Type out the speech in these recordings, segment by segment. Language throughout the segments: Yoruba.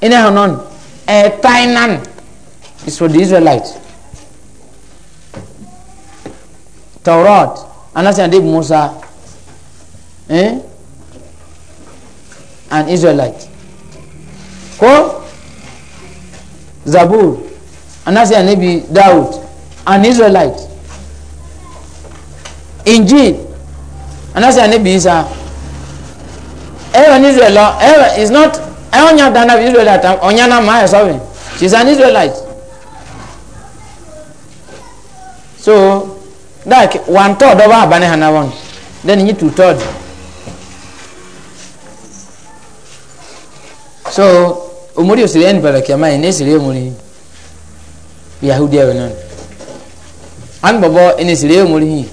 ina hanon e Tainan is for the israelites taurat anasi and musa eh an Israelites. ko zabur anasi anabi daud an Israelites. injil anasi anabi isa everyone israel everyone is not Uh, I don't have done Israelite. Onyana Maya She is an Israelite. So like one third of our banana one. Then you need two thirds. So umuri usilieni pale kiama ine silie muri Yahudia wenan. An baba ine silie muri hii.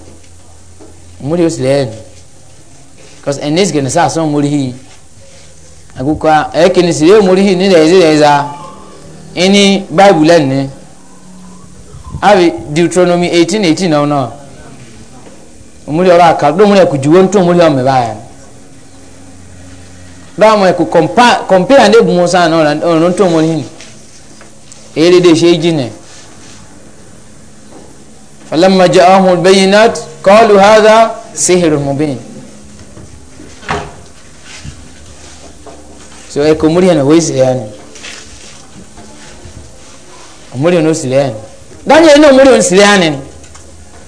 Umuri usilieni. Because ene sikene saa so muri hii akuka ekini si ye muri hin ni rezi reza ini bible ni abi deuteronomy eighteen eighteen no no umuri ora ka do muri akujuwo nto muri o mebaya da mo ku compare compare ne musa no no nto muri hin ele de sheji ne falamma ja'ahum albayinat qalu hadha sihrun mubin so e ko muri na wezi yani muri no sile yani danya no muri on sile yani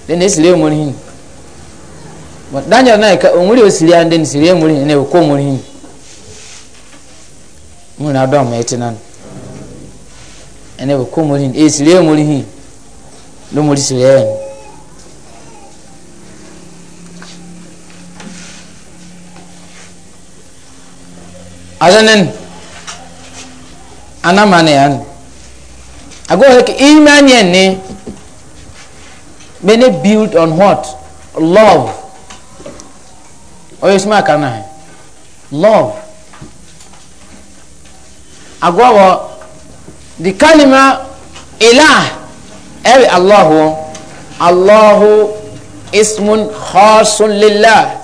den ne sile muri hin ma danya na ka muri o sile yani den sile muri ne ko muri hin mun na do me tinan ene ko muri hin e sile muri hin no muri sile yani azanin anamane yan ago hek iman yen ne bene build on what love oyo sima kana love ago wo the kalima ilah ewi allah allah ismun khasun lillah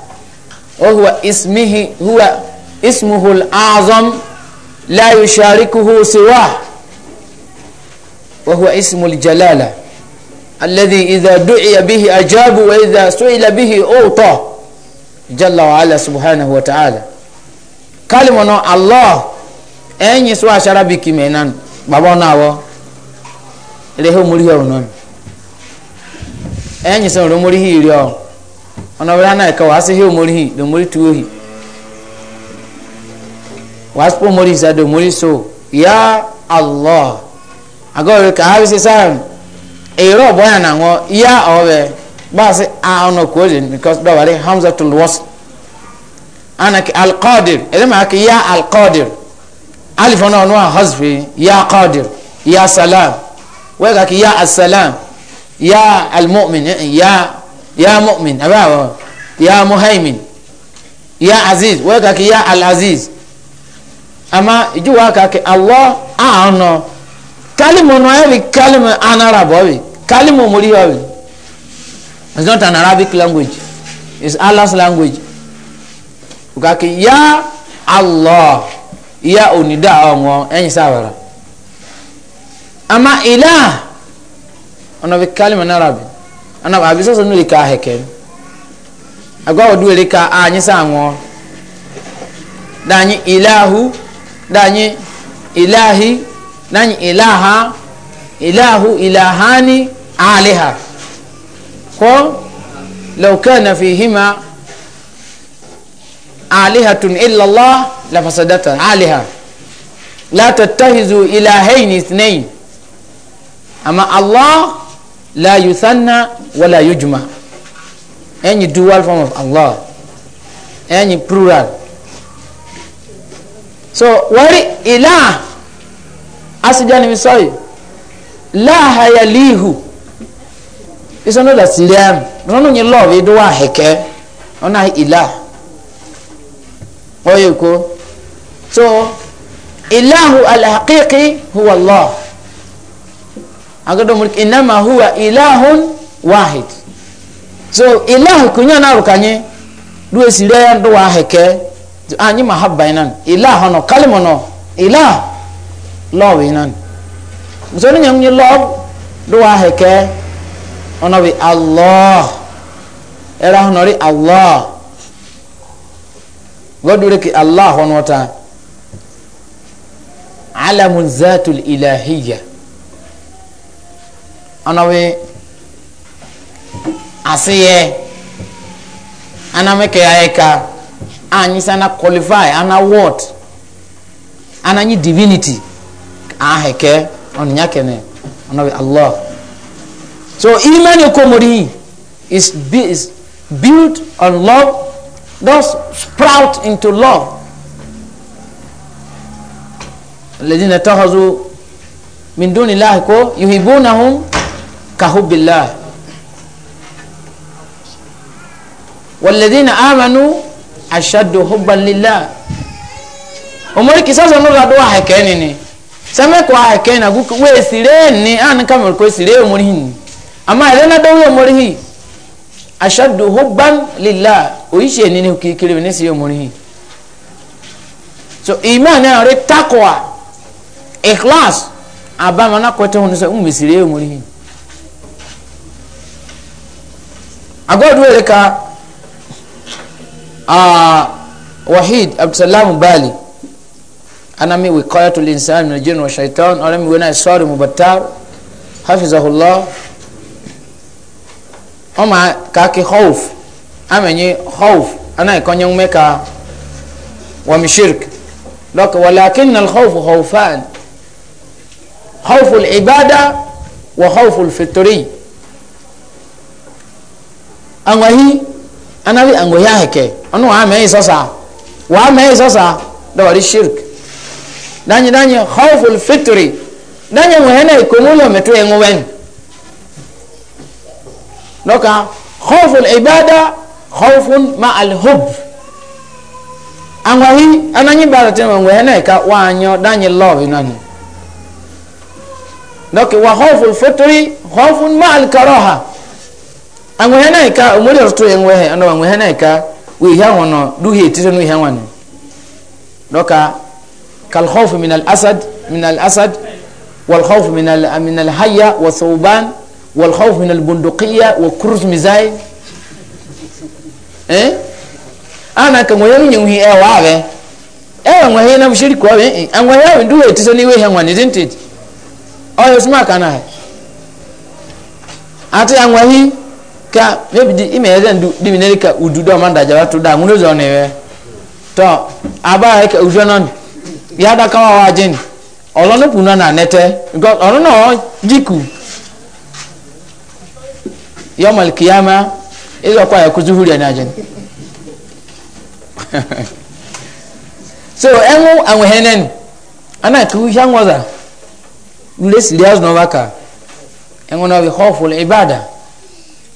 وهو ismihi huwa. اسمه الأعظم لا يشاركه سواه وهو اسم الجلالة الذي إذا دعي به أجاب وإذا سئل به أوطى جل وعلا سبحانه وتعالى كلمة الله أن يسوى شربك منان بابونا و lehe muri yau non enyi san rumuri hi riyo ona wala na ka wasi hi muri hi do muri tuhi waspo mori sado mori so ya allah agore ka habi se sam ero boya na ngo ya obe ba se a because do wale hamzatul wasl ana ki al qadir ele ma ki ya al qadir alif ona ono hazfi ya qadir ya salam we ga ki ya assalam ya al mu'min ya ya mu'min abawa ya muhaimin ya aziz we ki ya al ama ijuwa kake allah aano kalimo no every kalimu an abi kalimo muri abi it's not an arabic language it's allah's language ukake ya allah ya onida onwo enyi sawara ama ila ono bi kalimo na arabi ana ba bi soso nuri ka heken agwa wodu anyi sanwo danyi ilahu danyi ilahi nanyi ilaha ilahu ilahani aliha ko law kana fihima alihatun illa allah lafasadata aliha la tattahizu ilahaini ithnain ama allah la yuthanna wala yujma any dual form of allah any plural so wari ilah asijani misoi la hayalihu isono da siriam nono nyi love do wa heke ona ilah oyeko so ilahu alhaqiqi huwa allah agado mulk inma huwa ilahun wahid so ilahu kunya na rukanye duwe siriam do wa heke anyi mahabba inan ilah ono kalimo no ilah love inan musoni nyam ni love duwa heke ono bi allah era ono ri allah godure ki allah ono ta alamun zatul ilahiyya ono bi asiye anameke ayeka anyi sana qualify an award an anyi divinity aheke on nyakene on Allah so iman yokomori is is built on love thus sprout into love الذين اتخذوا من دون الله كو يحبونهم كحب الله والذين آمنوا ashaddu hubban lillah omori kisasa no rado wa hakeni ni same ko hakeni agu we sire ni an kamar ko sire omori hin amma idan na dawo omori hin ashaddu hubban lillah oise ni ni kikire ni sire omori hin so imani are takwa ikhlas abama na ko te hunu so umisire omori hin agodu eleka آه وحيد عبد السلام بالي أنا مي وقاية الإنسان من الجن والشيطان أنا مي ونا الصار مبتار حفظه الله أما كاكي خوف أمني خوف أنا يكون يوم ميكا ومشرك لك ولكن الخوف خوفان خوف العبادة وخوف الفطري أما هي anabi angoya heke ɔno waa mɛ isɔsa waa mɛ isɔsa dɔwɔri shirk danyi danyi hɔful fitiri danyi ŋun hɛnɛ ikomu lɛ mɛtu yɛ ŋun dɔka hɔful ibada hɔful ma alihub angohi ananyi baara tɛ ma ŋun hɛnɛ ka waa nyɔ danyi lɔɔbi nani dɔki wa hɔful fitiri hɔful ma alikɔrɔha. angwehe na ika umuri ototo ano angwehe na ika wiha hono duhi tire no wiha wane doka kal khawf min al asad min al asad wal khawf min al min al hayya wa thawban wal khawf min al bunduqiyya wa kurz mizai eh ana ka ngwehe nyuhi e wawe ewe ngwehe na mshiriki wawe eh, angwehe duhi tire ni wiha wane didn't it oyo smaka na ate angwehe ka maybe di ime yɛrɛ ndu di mi ne ka udu dɔ ma daja wa to da ŋun zɔn ne wɛ tɔ a ba yɛ ka uzɔn nɔ ya da kama wa jin ɔlɔ ne kun na na nɛtɛ because ɔlɔ na ɔ jiku yɔmɔli kiyama ezɔ kɔ ayɛ kutu huri ɛna jin so ɛŋu awon hɛn nɛni ana kiwu hyaŋ wɔza lesi liazu na ɔba ka ɛŋu na ɔbi hɔfo ibada.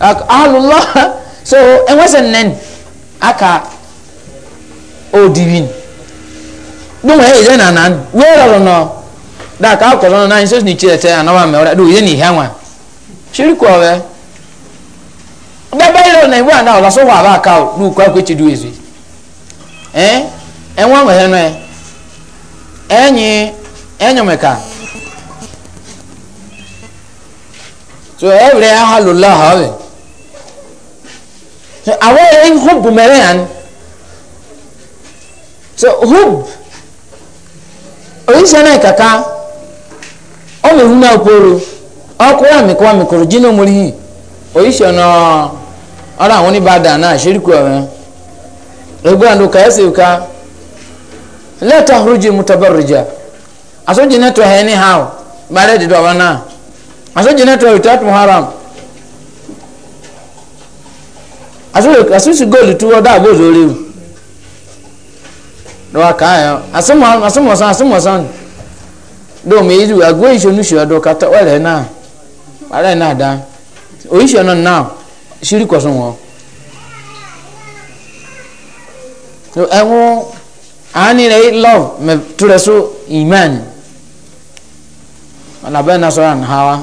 ahalullah so enwese nnen aka odiwin oh, dum he ize na nan wero no da ka ko no nan so ni chire te anawa me ora do ize ni hanwa shiri ko we da ba ilo na iwa na ola so wa ba ka o du kwa kwechi du ezi eh enwa we he no e enyi enyomeka so every ahalullah hawe awɔre hub mɛrɛ han so hub oyisɛ ne kaka ɔmɛ oporo ɔkoro amikoro amikoro gyi na omori oyisɛ no ɔrɔ àwọn oníbàdàn náà àṣírí kú ọ̀rẹ́ ẹgbẹ́ àdó kàyẹ́sì ká lẹ́tọ̀ àhúrújì mutabarija àsọjì nẹ́tọ̀ ẹ̀ ní hàw bàrẹ́ dídọ̀ ọ̀bá náà àsọjì haram. asusu góòlù tí wọ́n dáàbò lórí o lọ́wọ́ ká yẹn asúmọ̀sán asúmọ̀sán dóòmù yìí wà gbé ìṣonúṣe ọdún kátó wẹ̀rẹ̀ náà wàrẹ̀ náà dá oríṣi ọ̀nà náà ṣírí kọ̀sùn wọn. ẹ̀wọ̀n àání rẹ̀ love mẹ́túrẹ́sọ ìmẹ́ni ọ̀nà bẹ́ẹ̀ na sọ̀rọ̀ àná wa.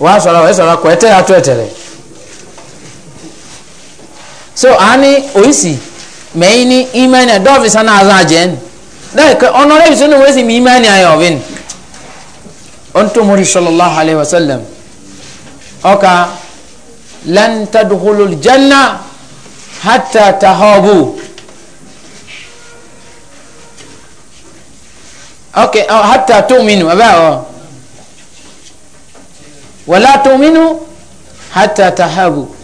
wa sɔrɔ wa sɔrɔ kɔ ɛtɛ ato ɛtɛ rɛ so ani oisi mɛyi ni imani a dɔw fi sa naa zan jɛn dɛ kɛ ɔnɔ de bi so ne wesi mi imani ayɛ ɔbin ɔntumori sɔlɔlɔhu alayhi wa sallam ɔka lan tadukulul janna hata tahobu ok oh, wala tuminu hatta tahabu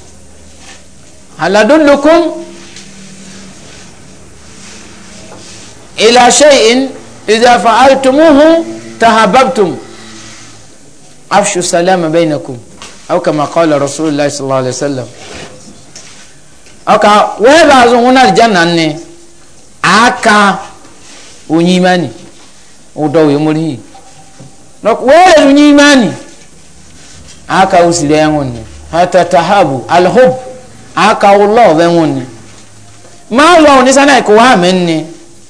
haladullukum ila shay'in idha fa'altumuhu tahabbtum afshu salama bainakum aw kama qala rasulullah sallallahu alaihi wasallam aka weba zunguna aljanna ne aka unyimani udawe muri nok wele unyimani aka usiri enwunni hata tahabu alhub aka love enwunni ma love ni sana ko wa menni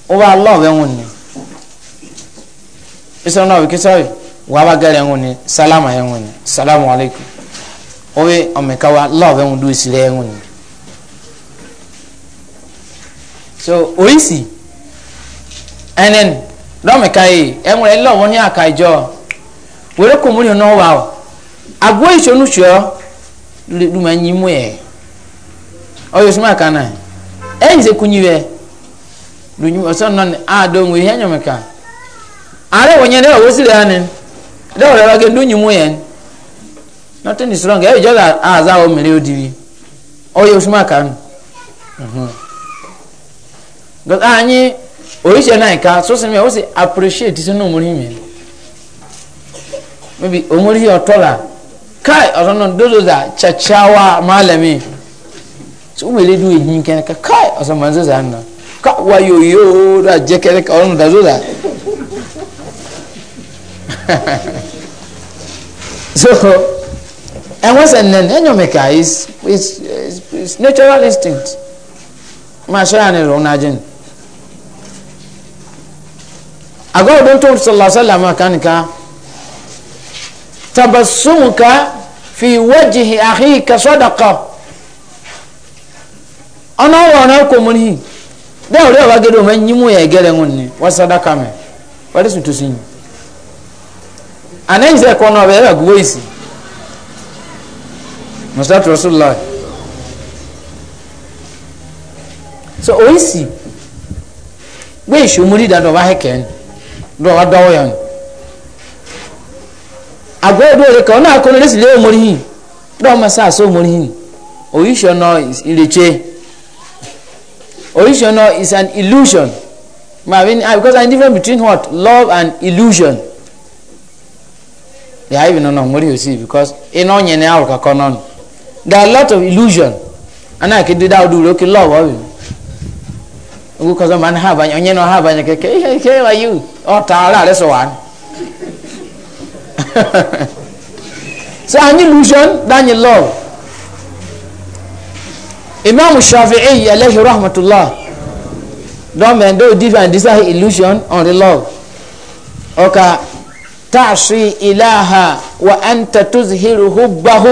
o ba love enwunni iso no ke sawi wa ba gare enwunni salama enwunni salamu alaikum owe omekawa lo enwun du usiri enwunni so oisi enen dɔmi ka yi ɛŋlɛ lɔbɔ ni a ka jɔ wele ko mun n'o wa o. agwa iso nu luma nyimu ye oyo enze e kunyiwe lunyu osan non a do ngwe henyo meka are wonye ne wo sile anen ndị wo ra nyimu ye nothing is wrong e joga aza mere odiri oyo suma god anyi na náà ìka so si appreciate sínú òmùrí maybe kai ọ̀rọ̀ náà dodo da kyakkyawa malami So su umele du yin kene ka kai ọ̀sán man zo zanna ka wayo yo da je kene ka ọ̀rọ̀ oh, da zo da so and what's an then enyo meka is is is natural instinct ma sha ne ro na jin ago don to sallallahu alaihi wasallam ka tabassumuka fi wajhi akhika sadaqa ana wana ko munhi da ore wa gedo man nyimu ya gere ngunni wa sadaka me wari sutu sin anan ze ko no be ra guwisi mustaf rasulullah so oisi gbe isomuri da do ba heken do wa do yan agwado ole ka ọ na-akụ n'olesi lee omori hi dọọma saa so omori hi oyisho nọ ireche oyisho nọ is an illusion ma i ah, because i different between what love and illusion the high bin ọnọ nwere yosi because ịnọ onye na ahụ kakọ nọ there are a lot of illusion ana ake dị daa duro love ọ bụ ogu kọzọ ma ha abanye onye nọ ha abanye keke ihe ihe wa you ọ taara alesọ wa ni. so an illusion than in love imam shafi'i alayhi rahmatullah don men do give and desire illusion on the love okay تعصي إلها وأنت تزهر هبه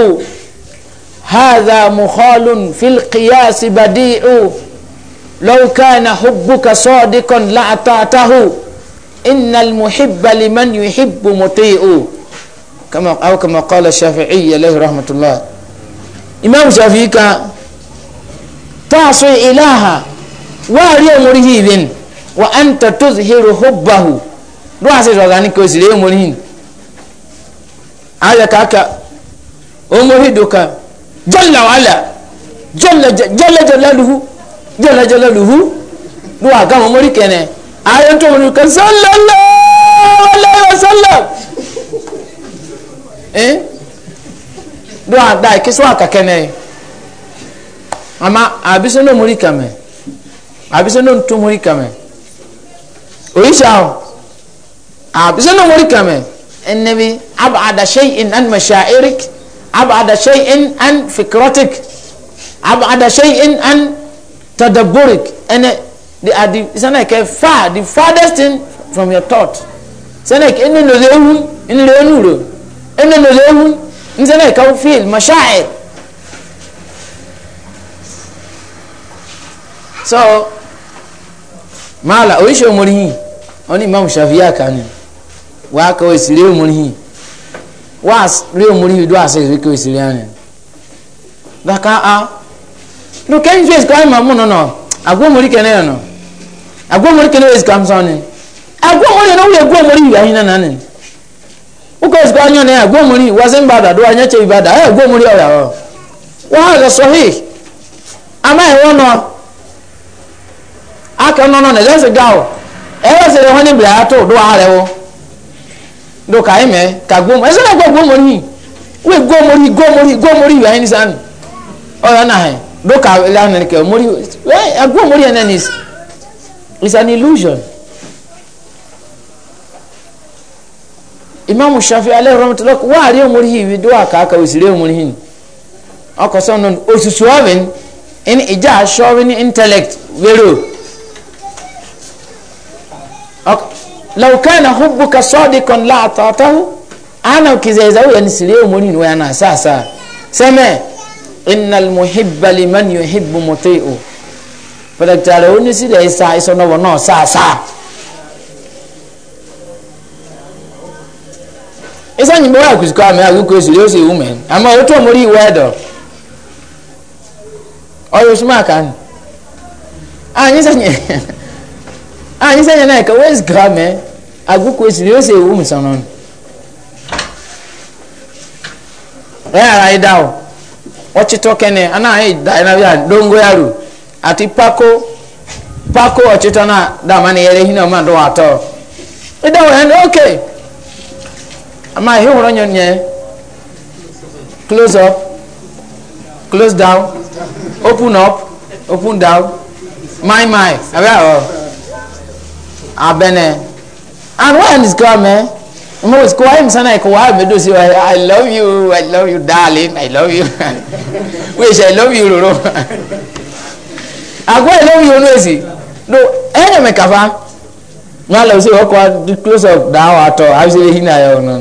هذا مخال في القياس بديع لو كان حبك صادقا لأطعته إن المحب لمن يحب مطيع kama aw kama qala shafi'i alayhi rahmatullah imam shafi'i ka ta'su ilaha wa riya murihibin wa anta tuzhiru hubbahu do ase zo gani ko zile murihin ala kaka o muriduka jalla wa ala jalla jalla jalaluhu jalla jalaluhu do aga mo muri kene ayanto mo kan sallallahu alaihi wasallam eh do ada kiso akakene eh? ama abiso no muri kame abiso eh? no ntu muri kame eh? oisha oh, abiso no muri kame ennabi abada shay'in an mashairik abada shay'in an fikratik abada shay'in an tadabburik ene the adi sanake far the farthest thing from your thought sanake ene no lehun ene lehun ro إن نلوي نزل يكون فيه المشاعر so maala oyiṣe omorihin oni imam shafiya kani wa ka oisi ri omorihin wa ri omorihin do ase ri ka oisi ri ani daka a no kenji face kwa ima mu nono agwo omori kene yono agwo omori kene oisi kamsoni agwo omori yono wuye agwo omori yi ahinanani ukawezi kwanya naye agwomuli eh, wazimbada dwanyakya ibada aye eh, agwomuli olawo oh. wahaza sahih amaye wono akanono nezezigawo ewezereho nembirato dwalewo ndokaime kagwomu ezera gwa gwomuli we gwomuli gwomuli gwomuli yahinisani oyo nahe doka lanenike omuli agwomuli eh, enenisi is an illusion imam shafi alayhi rahmatullah wa ari omurihi wi do aka aka osire omurihi akoso non osusu oven in ija ashowin intellect vero law kana hubbuka sadiqan la atatahu ana ukizaiza huyo ni sire omurihi wa ana sasa seme innal muhibba liman yuhibbu muti'u fadaktara oni sire isa isono wono sasa isa nyimbo wa ya ame akukwezi leo si women ama otu muri wedo oyo suma ọmụrụ anyi ah, sanye anyi ah, sanye na ka wes grame akukwezi leo si anyị sanon ya rai na ya dongo yaru ati pako pako ochito na da mani yele hino mando ato idawo okay ama ihe hụrụ onye onye close up close down open up open down my my abịa ọ abene and when is gone man eh? mo is ko ayim sana ko wa me do si i love you i love you darling i love you wish i love you roro agwa i love you no esi no enye me kafa nyala usi ko close up down, dawa to abisi hina yo no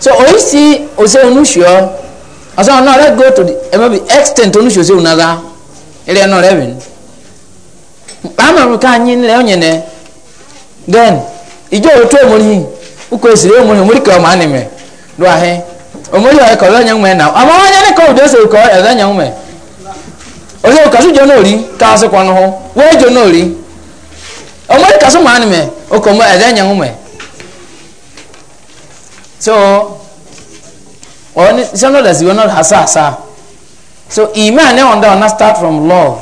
so oisi ose onusio asa ona re go to the e maybe extent onusio oh, se unaza ile no re bin ama ru ka anyi le onye ne then ijo otu oh, oh, omori uko esiri omori omori ka ma anime do ahe omori o ko lo nya nwe na ama wa nya ne ko do se ko e da nya nwe ose ka su jo no ri ka se kwanu ho we jo no ri omori ka so ma anime o ko mo e da nya nwe so oni sọlọ dasi wọn náà hasa hasa so iman ẹ wọn dá wọn start from love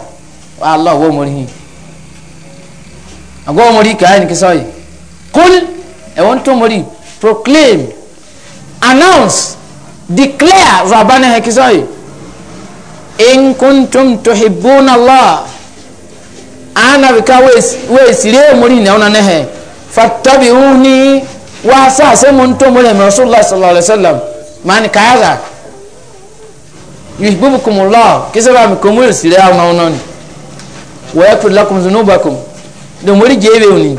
wa allah wo mori hin agbawo mori kaa ẹni kisọ yi kul ẹ wọn tó mori proclaim announce declare rabana ẹ kisọ yi in kuntum tuhibbuna allah ana bi ka wee sire mori na ọ na ne hẹ fatabi uni wa sa sai mun to mu ne rasulullah sallallahu alaihi wasallam man kaza yuhibbukumullah kisaba mi ko mu sire aw non non wa yaghfir lakum dhunubakum do mori jebe oni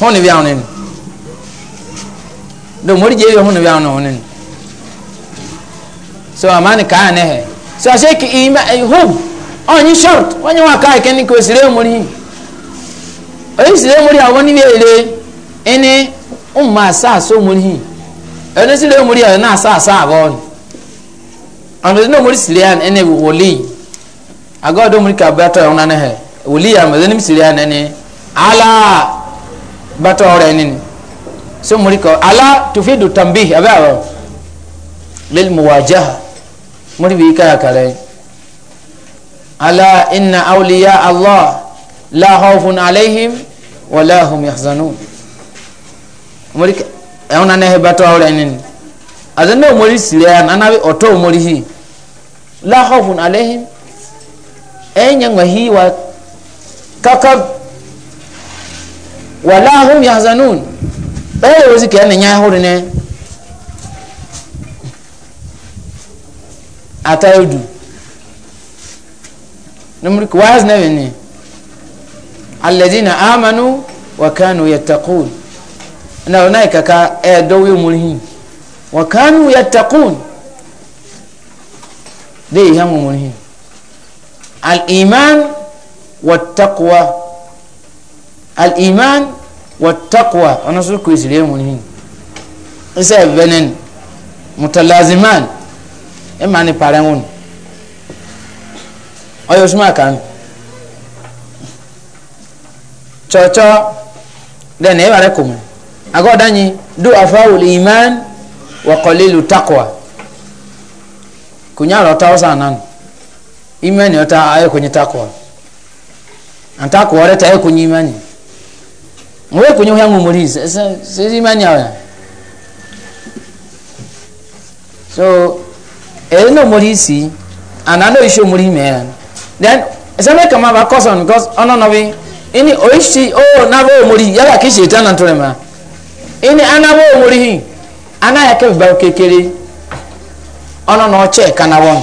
honi bi awnen do mori jebe honi bi awnen so amani ka ne he so sheki ima eh, hub onyi short onyi wa kai e kenin ko sire oyisi le muri awon nibi ere ene umma asa so muri hi ene si le muri awon na asa asa abon ando no muri sirian ene woli agodo muri ka bato yon na he woli ya me ni sirian ene ala bato ore ene so muri ko ala tufidu tambih ababa lil muwajaha muri bi kare ala inna awliya allah la khawfun alayhim wa la hum yahzanun mori ẹ̀hún náà ẹ̀hẹ́ bàtọ́ ọ̀rẹ́ ẹni ni àti ní òmori sílẹ̀ ẹ̀ nana ọ̀tọ́ òmori hì la khawfun alayhim ẹ̀yìn yẹn wà hí wa kakab wa la hum yahzanun bẹ́ẹ̀ lè wọ́sí kẹ́ẹ̀ nìyẹn ahórin náà atayodu nomori kò wáyé ni alladina amanu wa kanu yattaqun na ona ikaka e dowe murhi wa kanu yattaqun dai hamu murhi al iman wat taqwa al iman wat taqwa ona su mutalaziman e mani parawun oyo suma kan cɔcɔ dɛn ɛyɛ bare kum agɔ danyi do afawul iman wa kɔlilu takwa kunya lɔ tɔw san nan iman yɛ ta ayɛ kunyi takwa an takwa wɛrɛ ta ayɛ kunyi iman yɛ n wɛ kunyi hɛn iman yɛ so ɛyɛ n'o mori si ana n'o yi si o mori mɛ yan then sɛ ne kama ba kɔsɔn because ɔnɔ nɔ bi. ini oishi o nabo omuri yaba kishi na ntulema ini anabo omuri hi ana yake ba kekere ono no che kanawon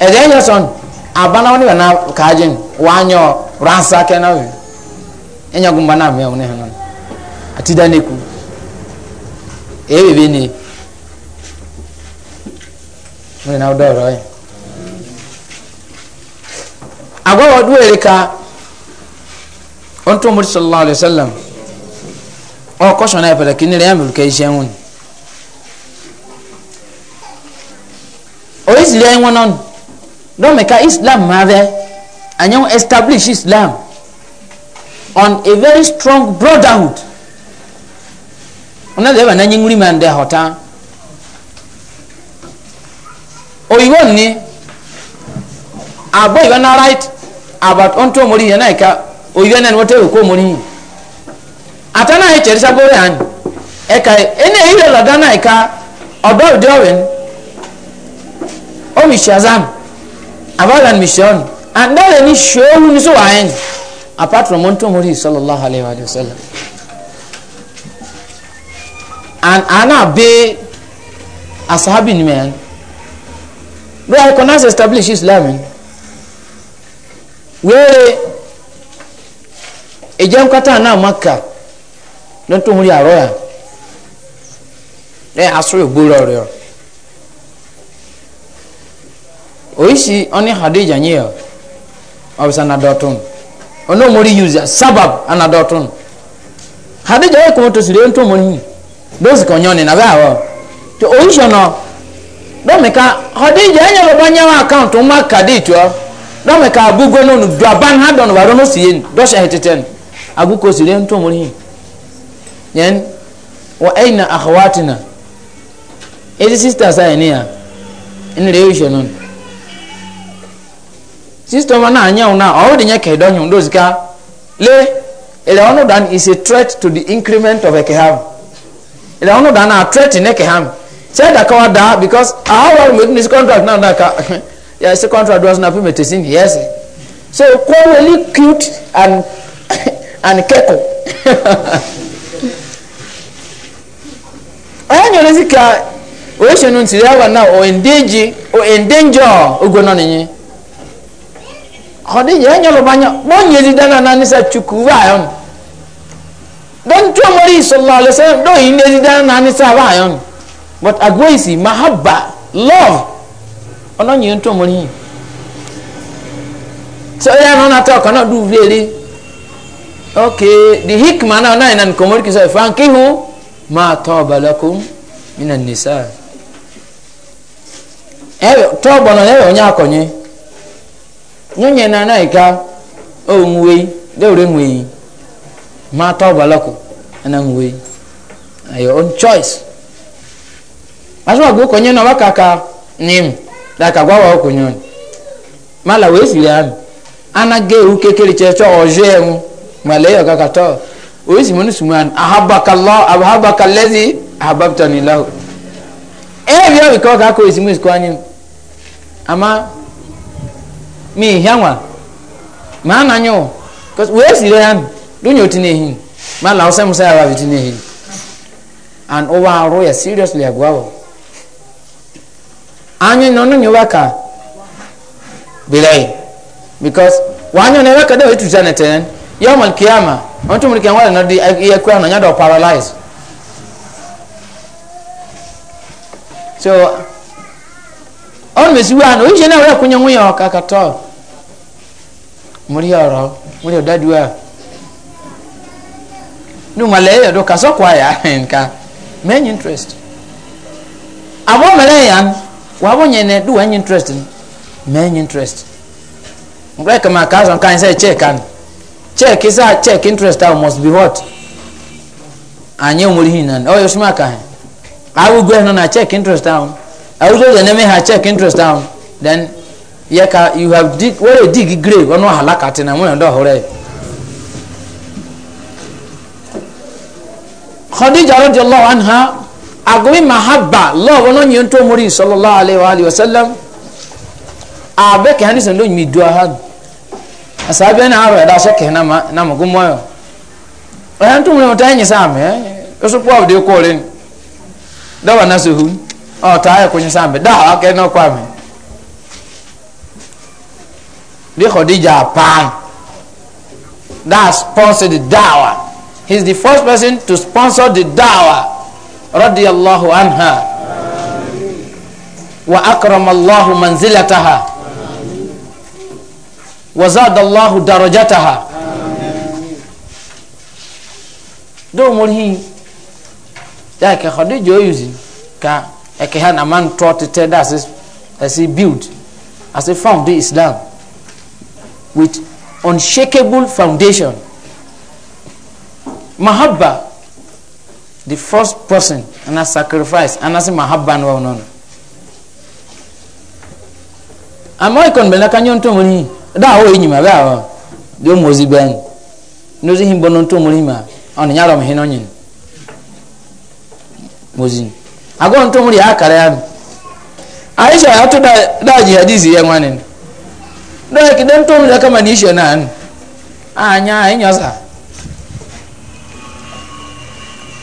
ede nyoson abana woni na kajin wanyo ransa kenawe enya gumba na me woni hanan atida neku e ebe bini woni na odoro eh. agwa wadu erika onto muri sallallahu alaihi wasallam o ko sona pada kinire ya mulke ishenun o isile en wonon do me ka islam mave anyo establish islam on a very strong brotherhood ona leba na nyinguri mande hota o iwon ni abo iwa na right about onto muri yana ka oyiwe nani wote ko mori atana he cheri sabore han e kai ene ile la dana e ka odo dowen o mi shazam abalan mission andale ni showu ni so waen apart from onto mori sallallahu alaihi wa sallam and ana be asahabi ni men where i can establish islam where eje nkata na maka don to muri aro ya e aso egboro re oishi oni hadija nye obisa na dotun ono muri use sabab ana dotun hadija e ko to sire nto muri dosi konyone na ba wo to oishi ono don meka hadija enye baba nyawa account maka dito don meka abugo no du aban ha don waro no siyen do she heteten aguko sire nto muri yan wa aina akhawatina edi sister sa ne ya in relation non sister ma na anya una o de nyake do hyu do zika le ele ono dan is a threat to the increment of ekeham ele ono dan a threat in ekeham said that kawa da because how ah, are we this contract now that yeah, contract was not permitted yes so quite really cute and and kẹ́kọ̀ọ́ ọ̀yá nyọ̀rọ̀ sí ka oṣù nù tìrì àwọn náà ọ̀ ẹ̀ndéjì ọ̀ ẹ̀ndéjọ́ ogun náà nìyẹn ọ̀dẹ́ yẹn nyọ̀rọ̀ bá nyọ̀ bọ́ nyẹ̀ di dáná náà nísà chukwu báyọ̀ nù dọ́ntú ọmọdé ìsọ̀lá ọ̀lẹ́sẹ̀ dọ́yìn ní ẹni dáná náà nísà báyọ̀ nù but agbóyèsí mahaba love ọ̀nà nyẹ̀ ntú ọmọdé yìí sọ yẹn náà nàtọ̀ ọ̀kan náà dùn fèrè okay the hikma náà náà ìnáni kòmórí kìí sọ ìfankihu máa tọ́ ọ̀bàlẹ́kùn nínú nìsá tọ́ ọ̀bọ̀nà ẹ̀rọ onye akọ̀nyé nyonye na náà ìka ònwúwe lóòrè nwè yìí máa tọ́ ọ̀bàlẹ́kùn ẹ̀nà nwè yìí your own choice asọ́gbà okònyé náà wákàkà nìm dàkàgbà wà okònyé mala wèé sìlẹ̀ àmì anagé ewu kékeré kyerẹ́ kyerẹ́ ọ̀zọ́ ẹ̀ maleyo kaka to oyisi muni suman ahabaka allah ahabaka lezi ahababtani lahu ee eh, bia kaka oyisi mu isiko anyi ama mi hianwa ma na nyo cause we si re han dunyo tinehin ma la osem sa wa tinehin and over aro ya seriously agwawo anyi no no nyobaka bilai because wanyo ne waka da wetu sana tenen yọọ mọ kiyama wọn tún mu kí wọn lè nọ di iye kura nà nyadọ paralize. so ọ̀n mèsì wá ní oríṣi náà wọ́n kúnyẹ́ wúnyẹ́ ọ̀ka kàtọ́ mo rí ọ̀rọ̀ mo rí ọ̀dádùá ní ìmọ̀lẹ́ yẹn lọ́dọ̀ kàsọ́kọ̀ àyà nǹka main interest àbọ̀ mẹ́rẹ̀ yẹn wà á bọ̀ yẹn ní do main interest main interest nǹkan ẹ̀ka máa kà á sọ̀ nǹkan check is that check interest now must be what anye omuri hinan oh yoshima ka he i will go ahead and check interest down i will go the name ha check interest down then yaka you have dig where you dig grave ono halaka tina mo ndo hore khadija radiyallahu anha agwi mahabba love ono nyi nto muri sallallahu alayhi wa alihi wasallam abeke hanisa ndo nyi duahan asabi na aro da so kena ma na mugumo yo eh ntum ne utanyi same eh so kwa de ko len da wa na suhu o ta ya kunyi same da wa ke no kwa me di khadija pan that sponsored the dawa he's the first person to sponsor the dawa radiyallahu anha wa akrama allah manzilataha wazada allahu darajataha do murhi da ka khadi jo using ka eke han aman trot te das is as he build as he found the islam with unshakable foundation mahabba the first person and a sacrifice and as mahabba no no amoy kon belaka nyon to murhi daa wo enyima bɛ awɔ de o mozi gbɛn n'ozi hin bɔ n'oto mo nima ɔni nya dɔm hin ɔnyin mozi agɔ n'oto mo ya kare ya no aisha ya to daa daa jihadizi yɛ ŋwani dɔɔ kide n'oto mo de kama ni ihyɛ naa no a sa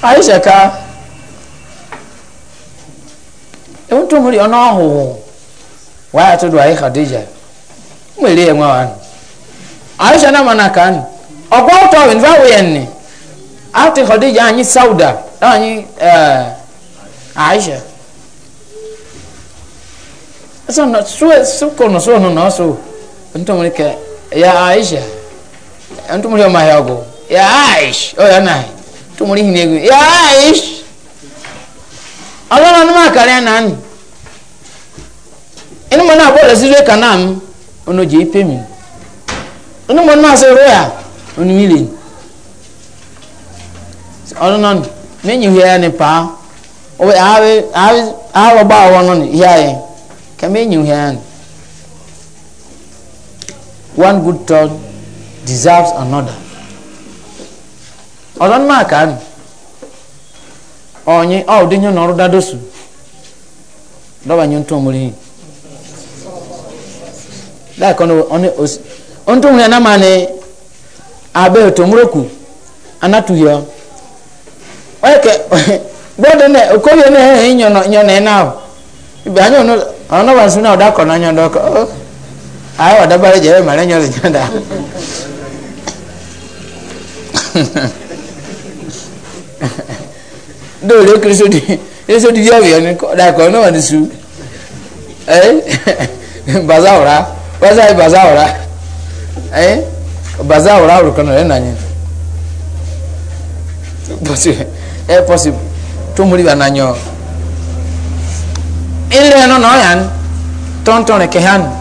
aisha ka ewu n'oto mo de ɔhoho wa ya to do ayi khadija mwele ya mwawan aisha na manakan ọgbọ ọtọ ọwin fa wo yẹn ni ati khadija anyi sauda anyi ẹẹ eh, aisha ẹsọ na so so kọ na so no na so ntomri kẹ ya aisha ntomri ọma ya ọgọ ya aish ọ oh, ya nai ntomri hin egu ya aish ọlọrun ọdún mọ àkàrẹ ẹ nàá ni ẹnu mọ náà bọọlù ẹsẹ ìlú mu ono je ipe mi ono mo na se roya ono mi le ono non me nyi hia ne pa o we ave ave ave ba wa non hia ye ka nyi hia ne one good turn deserves another ọdọ mma ka ni onye ọ dị nye n'ọrụ dadosu dọba nye ntụ omori láìkọ́ ní ọ̀nà òsì ohun tó ń rìn anáma ni abẹ́ ètò múròkù anátúyọ ọ̀yẹ̀kẹ́ gbọ́dọ̀ náà okòwé náà ẹ̀yìn yànnà ẹ̀ náà ibi ànyìn ọ̀nà ọ̀nà wà sún náà ọ̀dà kọ̀ náà yànnà ọ̀kọ̀ oh, ọ̀ ayé wà dábàá jẹ́ ẹ̀rẹ́ màrẹ́ yànnà yànnà. dóòlù ekiriso di ekiriso di yọ̀ọ̀yọ̀ ni kọ́ ọ̀dà kọ̀ náà wà ní su ẹ̀ bàzá ọ̀rá wasa yi baza wura eh baza wura wuri kɔnɔ ɛna nye possible ɛ possible tó muri ba na ilé yɛn nɔ yan tɔntɔn kɛ han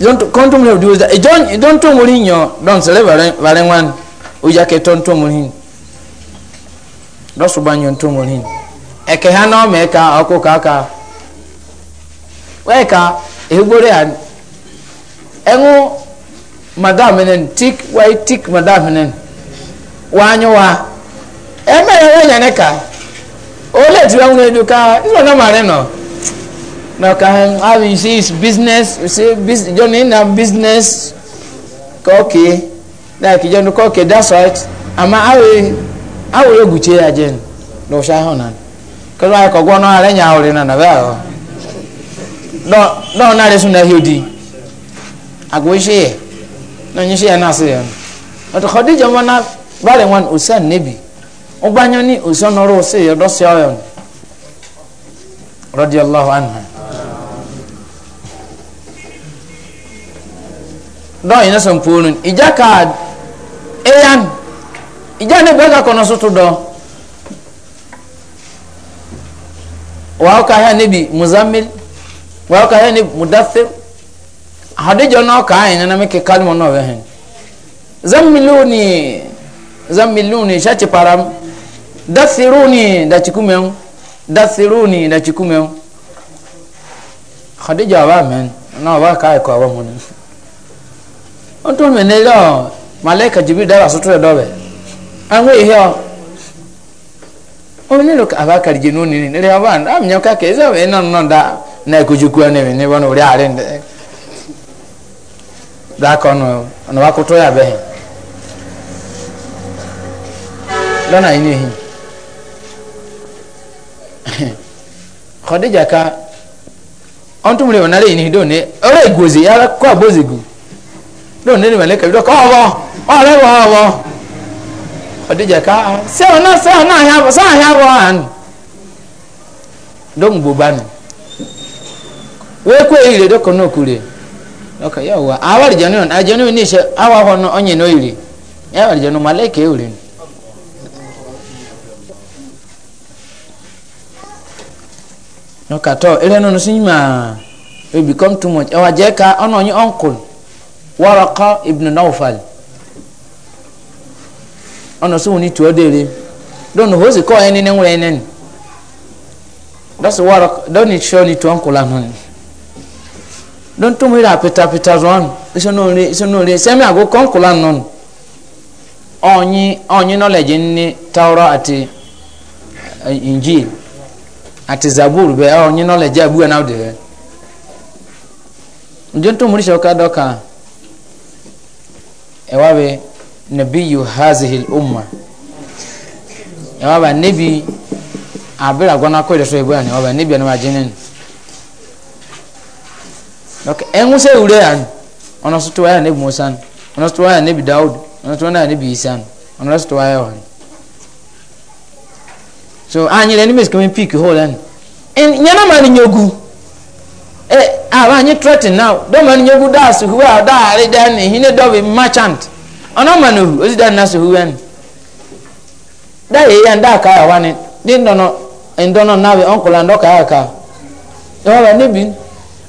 kɔntɔn mi o diwo eh, jɔn jɔn tó muri nyɔ dɔn sɛlɛ vare ŋwan o ya kɛ tɔn tó muri dɔsɔ ba nyɔ tó muri ɛkɛ han nɔ kaka wɛ ka egbore eh, ɛŋo madam nen tik wai tik madam nen wanyo wa ɛmɛ yɛ wɔ nyane ka ole ti wɔn ka isɔ na mare no na ka how ah, you see his business you see na business kɔɔke na ki johnny kɔɔke that's ama awo awo yɛ ya jen na o na kɔlɔn ayɛ kɔgbɔn na ara nya awore na na bɛ awɔ dɔn na sun na hi odi. agwaishe na nyishe ya na asiri yana wato khadija mana bare wan usan nebi ubanyo ni usan noro se yodo se oyon radiyallahu anha dɔɔ yi na sɔn puonu ìjà ka eyan ìjà ne bɛ ka kɔnɔ sotu dɔ wàá ka hɛ ne bi muzamil wàá ka hɛ ne mudafir hadija no ka ayin na meke kalmo no we hen zam miluni shati param dathiruni da chikumeu dathiruni da chikumeu hadija wa men na wa ka ko wa mun onto to me ne lo malaika jibril da so to do be an we he o ni lo ka ba ka jinuni ni re wa an am nyaka ke za we non non da na kujukua ne ni wono ri are dákọ̀ nù ọ̀nà wa kò tó yà bẹ́ẹ̀ lọ́nà yìí nìyí kọ́díjà ká ọ̀ntúnmùrẹ̀ wọn nàlẹ́ yìí nìyí dóòní ọ̀rẹ́ ìgòzè yàrá kọ́ àbózègù dóòní ní mẹ̀lẹ́kẹ̀ bí dọ́kọ̀ ọ̀wọ́ ọ̀rẹ́ wọ̀ ọ̀wọ́ kọ́díjà ká sẹ́wọ̀n náà sẹ́wọ̀n náà yà bọ̀ sẹ́wọ̀n yà bọ̀ hàn dóòní gbogbo àná wọ́n kó èyí rẹ̀ dọ́kọ̀ ok yawa awar janon ajanu ni se awa hono onye no iri yawar janu malaika yuri noka to ire no sinima it become too much awa je ka ono onye uncle waraka ibn nawfal ono oh, so ni tuo dere don ho se ko ne nwere enen that's waraka don it show ni to uncle anon don tó mi ra pitapita zɔn isonore isonore sɛmi ago kɔnkula nɔn ɔnyi ɔnyi nɔlɛdzi ni tawura ati injil ati zabur bɛ ɔnyi nɔlɛdzi abu ɛnaw de bɛ don tó mi ri sɛw ka dɔ kan ɛwa bɛ nabi yu hazihil umma ɛwa bɛ nebi abira gbɔna kɔ ɛdɛ sɔ ebu ani ɛwa bɛ nebi ɛnɛ ma jinin ok ɛnwo sɛ ewura yan ɔno so to ayɛ ne bi musa no ɔno so to ayɛ ne bi daud ɔno so to ayɛ ne bi isa no ɔno so to ayɛ wɔn so anyi lɛ nimis kɛmɛ piik hɔ lɛ no nyanama ni nyogu ɛ awo anyi trɔtin now dɔma ni nyogu daa suhu a daa ari dan ne hinɛ dɔbi merchant ɔno ma no hu osi dan na suhu wɛn daa yɛ yan daa kaa wani ne ndɔnɔ ndɔnɔ nawe ɔnkɔla ndɔ kaa kaa ɛwɔ bɛ ne bi.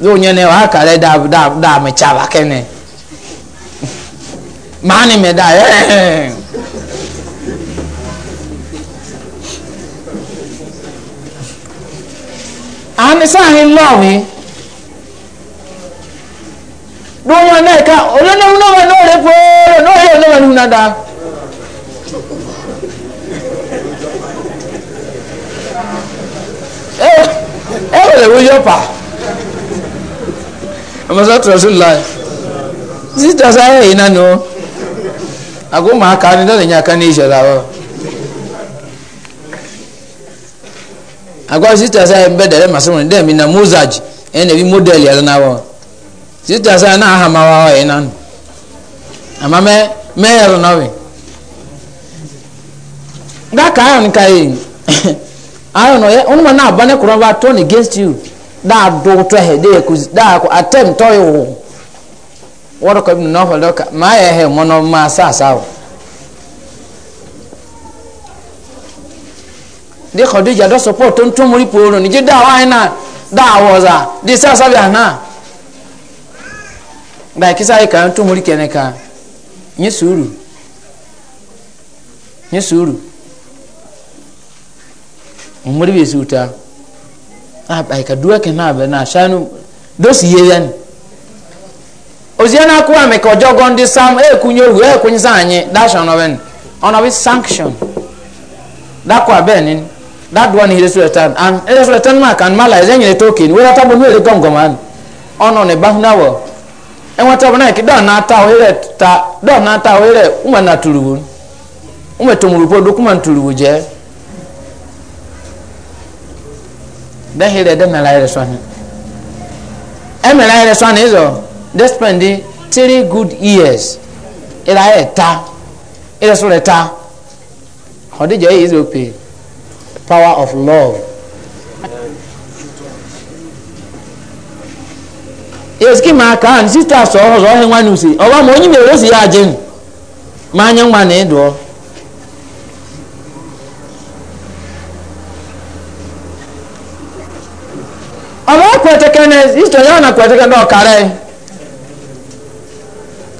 zonye ne wa kare da da da me chaba kene mani me da eh, eh, eh. ani sahin love donyo ne ka ole ne uno no re po no re no no na da eh eh le wo pa masatu rasulillah sista saya ina no aku maka ni dole nyaka ni shola agwa dere na muzaj ene bi model ya na wo sista saya na ha ma wa wa ina no ama me me yero no we da ka an kai ayo no na abane kuran ba turn against you daa dog tɔhe de ku daa ku atɛm tɔhe wo wɔdɔ kɔ ibnu nɔfɔ dɔ ka maa yɛ hɛ mɔnɔ maa saasa o de kɔdija dɔ sɔpɔ tontomori pooro ni gye daa wa na daa wɔza de saasa bi ana daa kisa yi kan tomori kɛnɛ kan nye suuru nye suuru mɔri bi esu aikadua kena abɛ na ahyɛn no dosi yie yɛn ozie na akɔ ame ɔjɔ gɔn sam ɛyɛ eh, kunye owu eh, ɛyɛ kunye san anyi dahyɛn no ɔna bi sanction dakɔ abɛn ni dadoa ne yere so ɛtan and ɛyɛ so ɛtan maa kan mala ɛyɛ nyere token wɛrɛ tabo no gɔngɔma no ɔna ne ba huna e wɔ ɛwɔ tabo na yɛ ki dɔn na ata o yɛrɛ ta dɔn na ata o yɛrɛ uma na turu wo uma tomuru po dokuma turu wo jɛ. dahi rɛ dɛ mɛla yɛrɛ sɔni ɛmɛla e yɛrɛ sɔni zɔ they spend three good years ɛrɛ e ayɛ ta ɛrɛ sɔ rɛ ta ɔdi jɛ yi zɔ pe power of love yesiki maa kan sista sɔrɔ sɔrɔ hɛ wani si ɔba ma onyi mi o si yɛ adi maa nye wani do. ọmọ kwẹtẹkẹnẹ ìtọ yà ọ̀nà kwẹtẹkẹnẹ na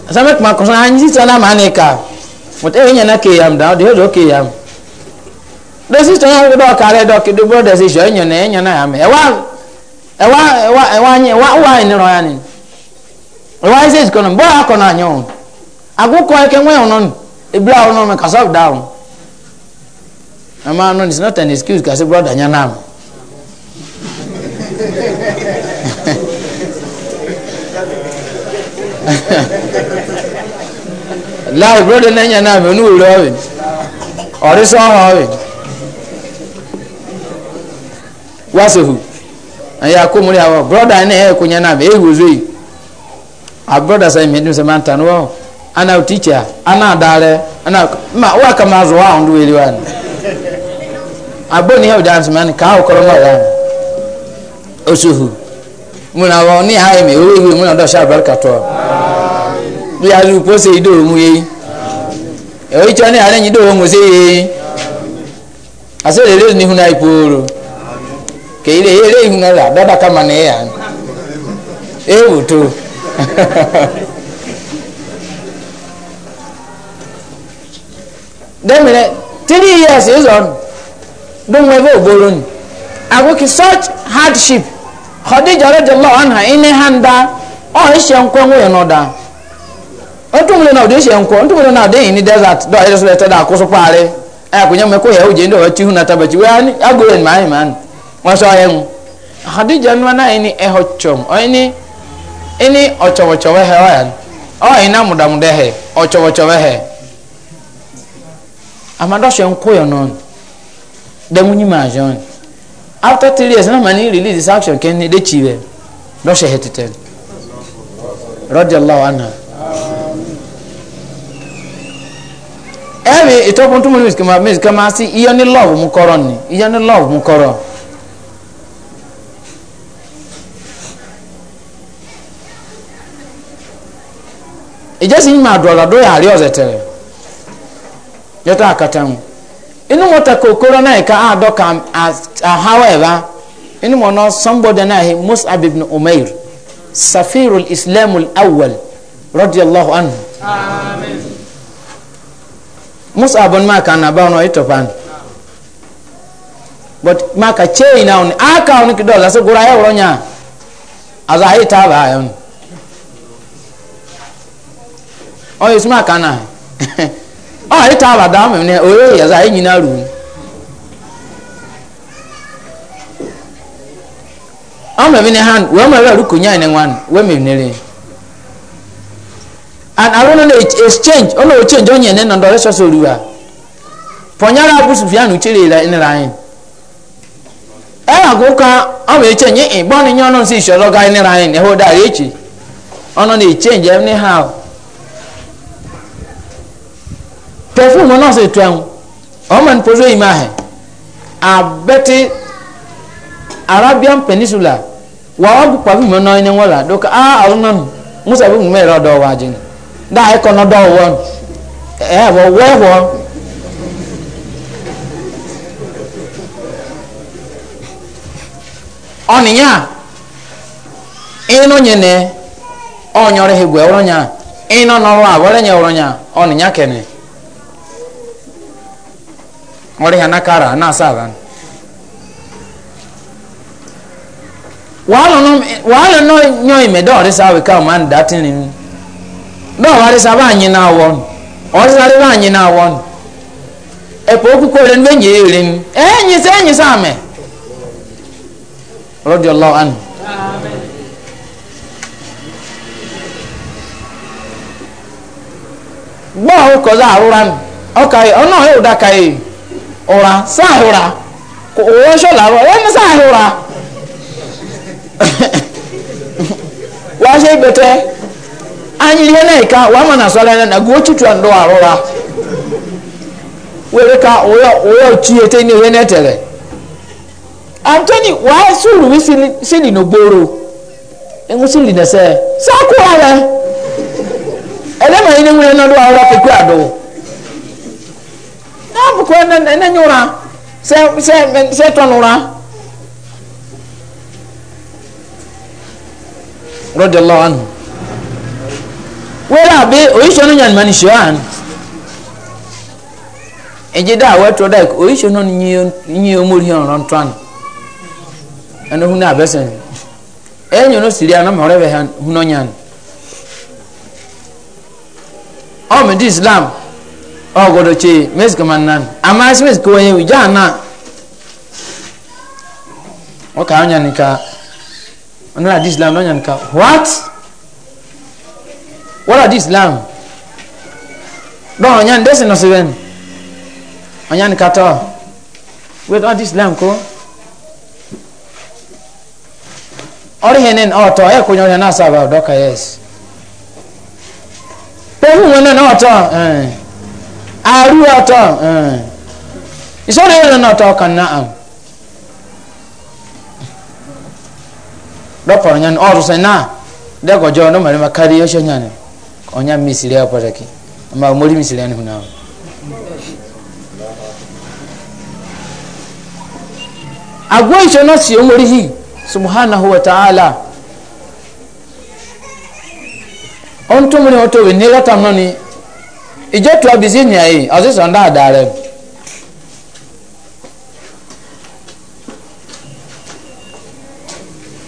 asọ́mẹ́kì máa kọ̀sán anyi sísọ náà máa nìka mọ̀tẹ́ èyí yẹn náà kéèyàn dáná ọ̀dẹ́ ya kéèyàn lọ sísọ yà ọ̀dọ́ ọ̀kàrẹ́ dọ́kì dúró dẹ̀sí ìṣọ́ ẹ̀yàn náà agụkọ eke nwee daa excuse kasị láì bróde lẹ́yìn náà mi onúwèrè ọ̀rìn ọ̀rí sọ́hàn ọ̀rìn wáṣọ̀hù ẹ̀yà kómúrí àwọ̀ bróda ní ẹ̀kọ́ yẹn náà mi èyí wòzó yìí àbróda sẹ́yìn mi ní sẹ́yìn máa ń tàn wọ́n ana tíjà ana ana ma zọ̀ wẹ̀lẹ̀ abóni ẹ̀ kàá osuhu muna wọn ní ha mi owó ìwé muna dọ̀ṣà àbáríkà tọ̀ bí a lù pósè idó òmu yé ẹ̀wọ́ e ìtsọ́ ní alẹ́ yìí idó òmu sí yé asẹ́lẹ̀ lé ní huna ìpooro kèyí lè yé lé ìhuna là dọ́dà kama ní yà éwù tó dẹ́mìrẹ́ three years is on dùnmọ́ ẹ̀fọ́ ògbóró ni àbúkí such hardship. khadija radiyallahu anha ine handa o ishe nkwe nwe no da otumule na odishe nkwe otumule na de ni desert do ile sele tada ko so pare e kunye me ko ye uje ndo wa tihu na tabachi, we ani agore ni mai man wa so ye khadija no na ini e hochom o ini ini ochowochowe he wa yan o ina mudamude he ochowochowe he amado she nkwe no de munyi ma jon after three years náà mani release this action kẹ́ni lè tsi rẹ̀ lọ́sẹ̀ ẹ̀ tètè rọ́dìyàláwà náà. ẹ̀rí ìtọ́kùn tó mú mi kama mi kama sí iye ní love mu kọ́rọ̀ ni iye ní love mu kọ́rọ̀. ìjẹ́sìn yìí máa dọ̀ọ̀lọ́dọ̀ yàrá ọ̀sẹ̀ tẹ̀rẹ̀ yọtọ̀ àkàtà wọn inu mota kokoro na ka ado ka uh, however inu mo no somebody na he Mus'ab ibn Umair safirul islam al awwal radiyallahu anhu amen Mus'ab ma kana ba no itopan but ma ka chei na on aka on kidola so gura ya ronya azahi ta ba yon o oh, isma kana ọ ah, ịta abada amị na oye yaza enyi na ru ọmọ mi ni han wee mọ ẹrọ rukun yan ne wan wee mi nire and awo no na exchange ọ na o change onye na nọdọ rẹ sọsọ oriwa pọnyara abusu fi anu chere ila nira anyi e ẹ na kó ka ọmọ eche nye ìgbọ́n ni nye ọ̀nà sí ìṣọ̀rọ̀ ga nira anyi ẹ̀hó e dáa rẹ̀ echi ọ̀nà na exchange ẹ̀ e ha ọ. perfume náà nọọsụ etu ẹ̀hún ọmọ ní pọ̀jù ìmọ̀ arabian peninsula wà wá gbọ́ perfume náà ní wọ́n là dọ́kà á àwọn náà musa bí mo mẹ́rin ọ̀dọ́ wa jìn dá ẹ̀kọ́ náà dọ́ ọrịa nakara na-asa aban wàhálà náà yàn ìmẹ̀ dọ́ọ̀ rí sáwé ká ọmọ m tìrín mi dọ́ọ̀ wá rí sáwé àyìn náà wọ́n ọ̀rí sáwé bá àyìn náà wọ́n ẹ̀pọ̀ òkúkọ rẹ̀ níbẹ̀ yìí rí ni ẹ̀yìn sí ẹ̀yìn sáàmẹ̀ rọ́dí ọlọ́wọ́ àná. gbọ́ ọkọ̀ láàrúra ọkà yìí ọ̀nà yóò yìí. ụra saa ụra ụwa ṣọlá rọ ụra wàá ṣe anyị ihe na-eka wa ma na sọlá ya na gụọ tutu ndụ arụra were ka ụyọ ụyọ tiete na ihe na-etere antoni wa sùrù wi n'ese saa nwere n'ọdụ n'afukọ ẹnẹnyẹ ụra sẹ sẹ sẹ tọ n'ụra rọdịla ọnụ wẹ́rẹ́ àbí oríṣi ọ̀nà yàn mọ́ni ṣọ́ àn ẹ̀jẹ̀ dá àwọn ẹ̀tọ́ dá oríṣi ọ̀nà yín ọmọ orí ọ̀rọ̀ ń tọ́ àná ẹni hún náà bẹ́sẹ̀ ẹ̀yìn ọ̀nà sì rí aná mọ̀ọ́rẹ́ bẹ̀ hún náà yàn ọ̀mìdí islam ọgọdọ che mes kama nan ama ase mes kama yẹ wìjà na ọkà ọnyà nìka ọnà adi islam ọnyà nìka what what adi islam dọ ọnyà ndé sinọ sẹbẹn ọnyà nìka tọ wait adi islam kọ ọrẹ hẹn nínú ọtọ ẹ kò nyọ ọnyà náà sábà ọdọ kà yẹs pẹ̀lú wọn náà ọtọ ẹ aru ọtọ ìṣòro yẹn lọ́nà ọtọ kan náà dọ́pọ̀ ọ̀nyá ni ọ̀rùn sẹ́yìn náà dẹ́kọ̀jọ́ ọ̀nà mẹ́rin máa kárí ọ̀ṣẹ́ yẹn ni ọ̀nyá mi sì rẹ̀ pàtàkì ọmọ mórí mi sì rẹ̀ nìhun náà. àgbo ìṣe náà sì ń yìí subhanahu wa ta'ala ọ̀n tó mu ni wọ́n tó wẹ̀ ní ẹ̀rọ tam ni ìjọ tó abisi nìyà yìí ọsẹ sọ ndá àdá rẹ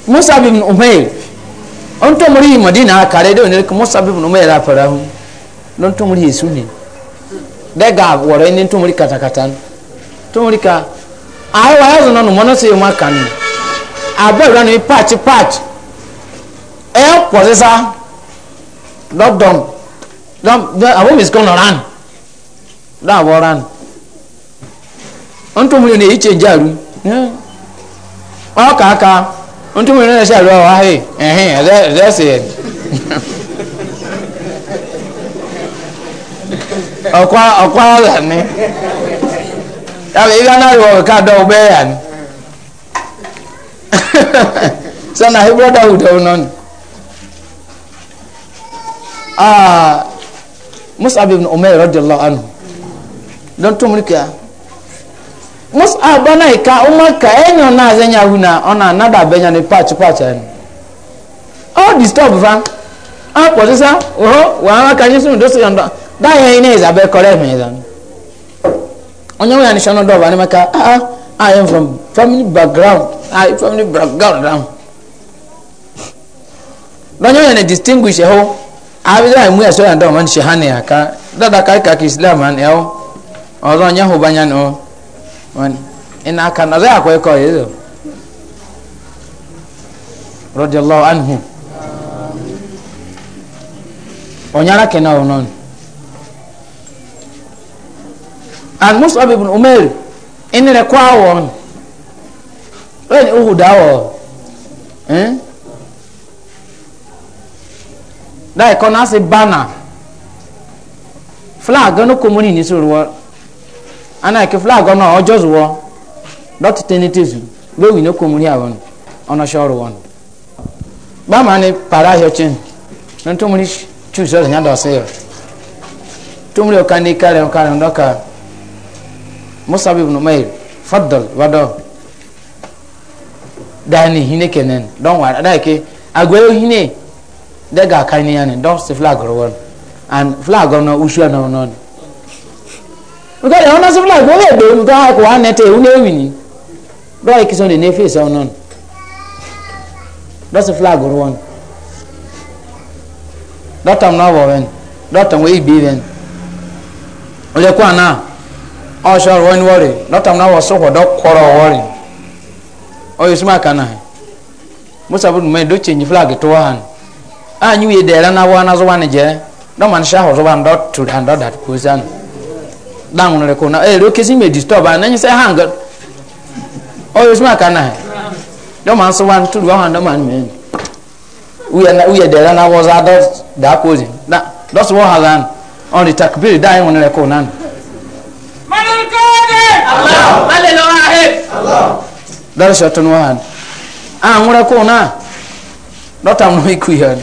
musa bin umair wọn tó mori yìí mọdínà kàrẹ dẹ onírìkì musa bin umair apẹrẹ ahọ wọn tó mori yìí sunni dẹga wọrọ ẹni tó mori katakata tó mori ka àwọn wàá zọ nínú mọ́nà sí ìwọ̀n àkànnì abẹ́ ìwúrọ̀ ni pàtí pàtí ẹ̀ pọ̀ sísá lọ́dọ̀mù awom is gonna run that will run ntụ mmiri na-eyi chenji arụ ọ ka aka ntụ mmiri na-eshi arụ ọwa ahụ ehe eze ese ọkwa ọkwa ọla ni yabụ ị ga na-arịwa ọka dọ ụgbọ ya ni sọ na hebrew dawud ọhụrụ nọ mus'ab ibn umair radiyallahu anhu don to mun ka mus'ab bana ka umma ka enyo na zenya huna ona nada benya ni patch patch en all disturb van a ko sisa oho wa ma kan yisun do so yanda da yen ina is abe kore me dan onye we ani shono do ba ni maka ah i am from family background i family background down don you distinguish ho abida mu eso ya ndo man shihani aka dada kai ka islam an eo ọzọ nya ho oh. banya no man ina aka na za akwa ko yezo radiyallahu anhu onyara kena onon an mus'ab ibn umair inire kwa won wen uhudawo eh dai ko na se bana flag no komuni ni ana ke flag no ojo zuwo dot tenitezu lo wi no komuni awon ona shoro won ba ma ni para hyochin nan to muni chuzo nya do se tumri okani kare okare ndoka dani hine kenan don wa dai ke agwe hine de ga kai ne don si flag ro and flag no usu no no ni nka de ona si flag we do nka ha ko anete u ne ni do e kiso ne ne face on no do si flag ro on do tam na wo wen do tam we bi wen ole kwa na o sha ro ni wori tam na wo so ko kana musa bu do flag to wa anyi wi dere na wana zo wana je no man sha ho zo wan dot to dan da that kusan dan re ko na e ro kesi me disturb an nyi se hang o yo sma kana do man so wan to do han do man me wi na wi dere na wo za dot da ko zin na dot wo hazan on the takbir dai won re ko nan manul kode allah malelo ahid allah dar shatun wahan an wura ko na dot am no ikuyani